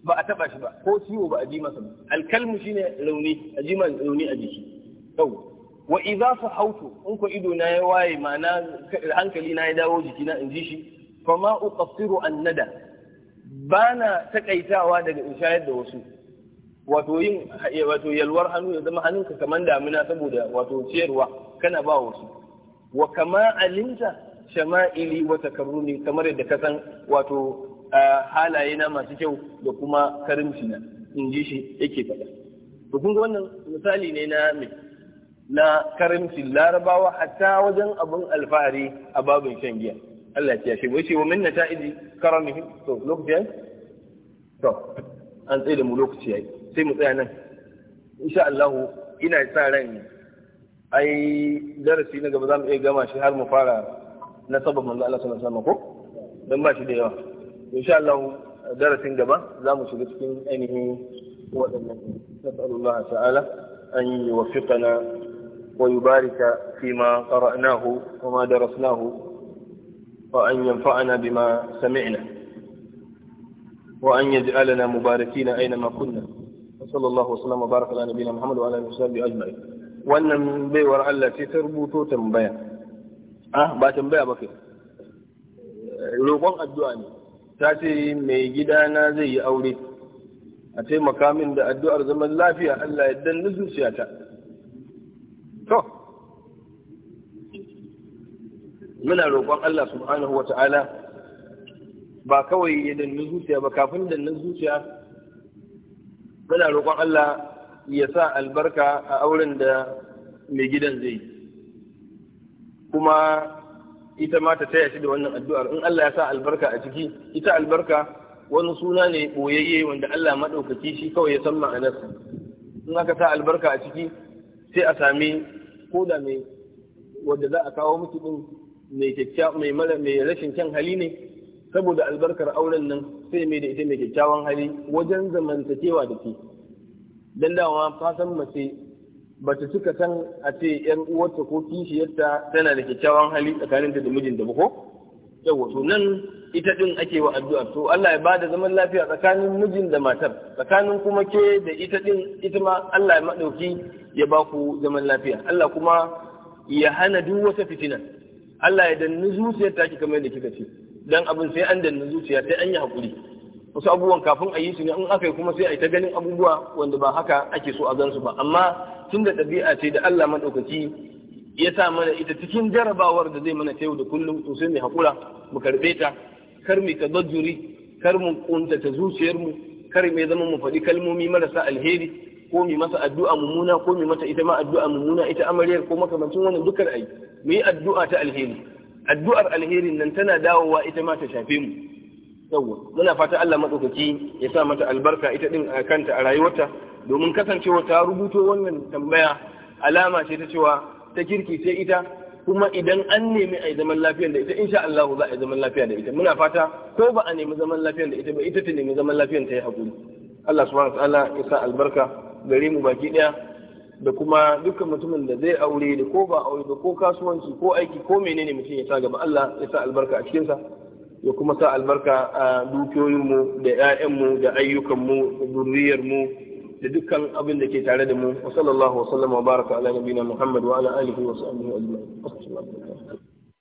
ba a taba shi ba ko ciwo ba a ji masa ba alkalmu shine rauni a ji rauni a jiki yau wa idza sahautu in ko ido na ya waye ma'ana hankali na ya dawo jiki na in ji shi fa ma uqassiru an nada bana takaitawa daga in shayar da wasu wato yin wato yalwar hannu ya zama hannunka kamar damina saboda wato ciyarwa kana ba wasu wa kama alinta shama'ili wa takarrumi kamar yadda ka san wato halaye na masu kyau da kuma karimci na in ji shi yake faɗa to kun wannan misali ne na mai na karimci larabawa hatta wajen abin alfahari a babin shan giya Allah ya shi wace wa minna ta'idi karamihi to lokacin to an tsaye da mu lokaci yayi sai mu tsaya nan insha Allah ina sa ran ai darasi na gaba za mu iya gama shi har mu fara na sabon manzo Allah sallallahu alaihi wasallam ko dan ba shi da yawa insha Allah darasin gaba za mu shiga cikin ainihin waɗannan nas'alullah ta'ala an yuwaffiqana wa yubarika fima qara'nahu wa ma darasnahu وأن ينفعنا بما سمعنا وأن يجعلنا مباركين أينما كنا وصلى الله وسلم وبارك على نبينا محمد وعلى آله وصحبه أجمعين وأن بيور الله تتربوتو تنبيه ah ba tambaya ba kai eh, roƙon addu'a ne ta ce mai gidana zai yi aure a taimaka min da addu'ar zaman lafiya Allah ya danna zuciyata to muna roƙon Allah subhanahu wata'ala ba kawai ya danna zuciya ba kafin danna zuciya muna roƙon Allah ya sa albarka a auren da mai gidan zai yi kuma ita ma ta taya shi da wannan addu'ar in Allah ya sa albarka a ciki ita albarka wani suna ne boyayye wanda Allah maɗaukaki shi kawai ya san ma'anarsa in aka sa albarka a ciki sai a sami ko da mai wanda za a kawo miki din mai kyakkyawa mai mara mai rashin kyan hali ne saboda albarkar auren nan sai mai da ita mai kyakkyawan hali wajen zamantakewa da ke dan dawa fasan mace ba ta cika san a ce ‘yan uwarta ko kishiyarta tana da kyakkyawan hali tsakaninta da mijin da ko? Yawwa, to nan ita ɗin ake wa addu'a. To Allah ya bada zaman lafiya tsakanin mijin da matar, tsakanin kuma ke da ita ɗin ita ma Allah ya maɗauki ya ba ku zaman lafiya. Allah kuma ya hana duk wata fitina. Allah ya danni zuciyar ki kamar da kika ce. Dan abin sai an danna zuciya sai an yi hakuri. wasu abubuwan kafin a yi su ne in aka yi kuma sai a yi ta ganin abubuwa wanda ba haka ake so a gansu ba amma tun da ɗabi'a ce da Allah maɗaukaki ya sa mana ita cikin jarabawar da zai mana ta yau da kullum to sai mu haƙura mu karɓe ta kar mu ta kar mu ƙuntata zuciyarmu kar mu zama mu faɗi kalmomi marasa alheri ko mi masa addu'a mummuna ko mi mata ita ma addu'a mummuna ita amaryar ko makamancin wannan dukkan ai mu yi addu'a ta alheri addu'ar alherin nan tana dawowa ita ma ta shafe mu yawwa muna fata Allah matsakaki ya sa mata albarka ita din a eh, kanta a rayuwarta domin kasancewa ta rubuto wannan tambaya alama ce ta cewa ta kirki sai ita kuma idan an nemi a zaman lafiyar da ita insha Allah za a zaman lafiya da ita muna fata ko ba a nemi zaman lafiyar da ita ba ita ta nemi zaman lafiyar ta yi hakuri Allah subhanahu wataala ya sa albarka gare mu baki daya da kuma dukkan mutumin da zai aure da ko ba aure ko kasuwanci ko aiki ko menene mutum ya sa gaba Allah ya sa albarka a cikin sa ya kuma sa albarka a dukiyoyinmu da 'ya'yanmu da ayyukanmu da zuriyarmu da dukkan abin da ke tare da mu wa sallallahu wa sallama wa baraka ala nabiyina muhammad wa ala alihi wa sahbihi ajma'in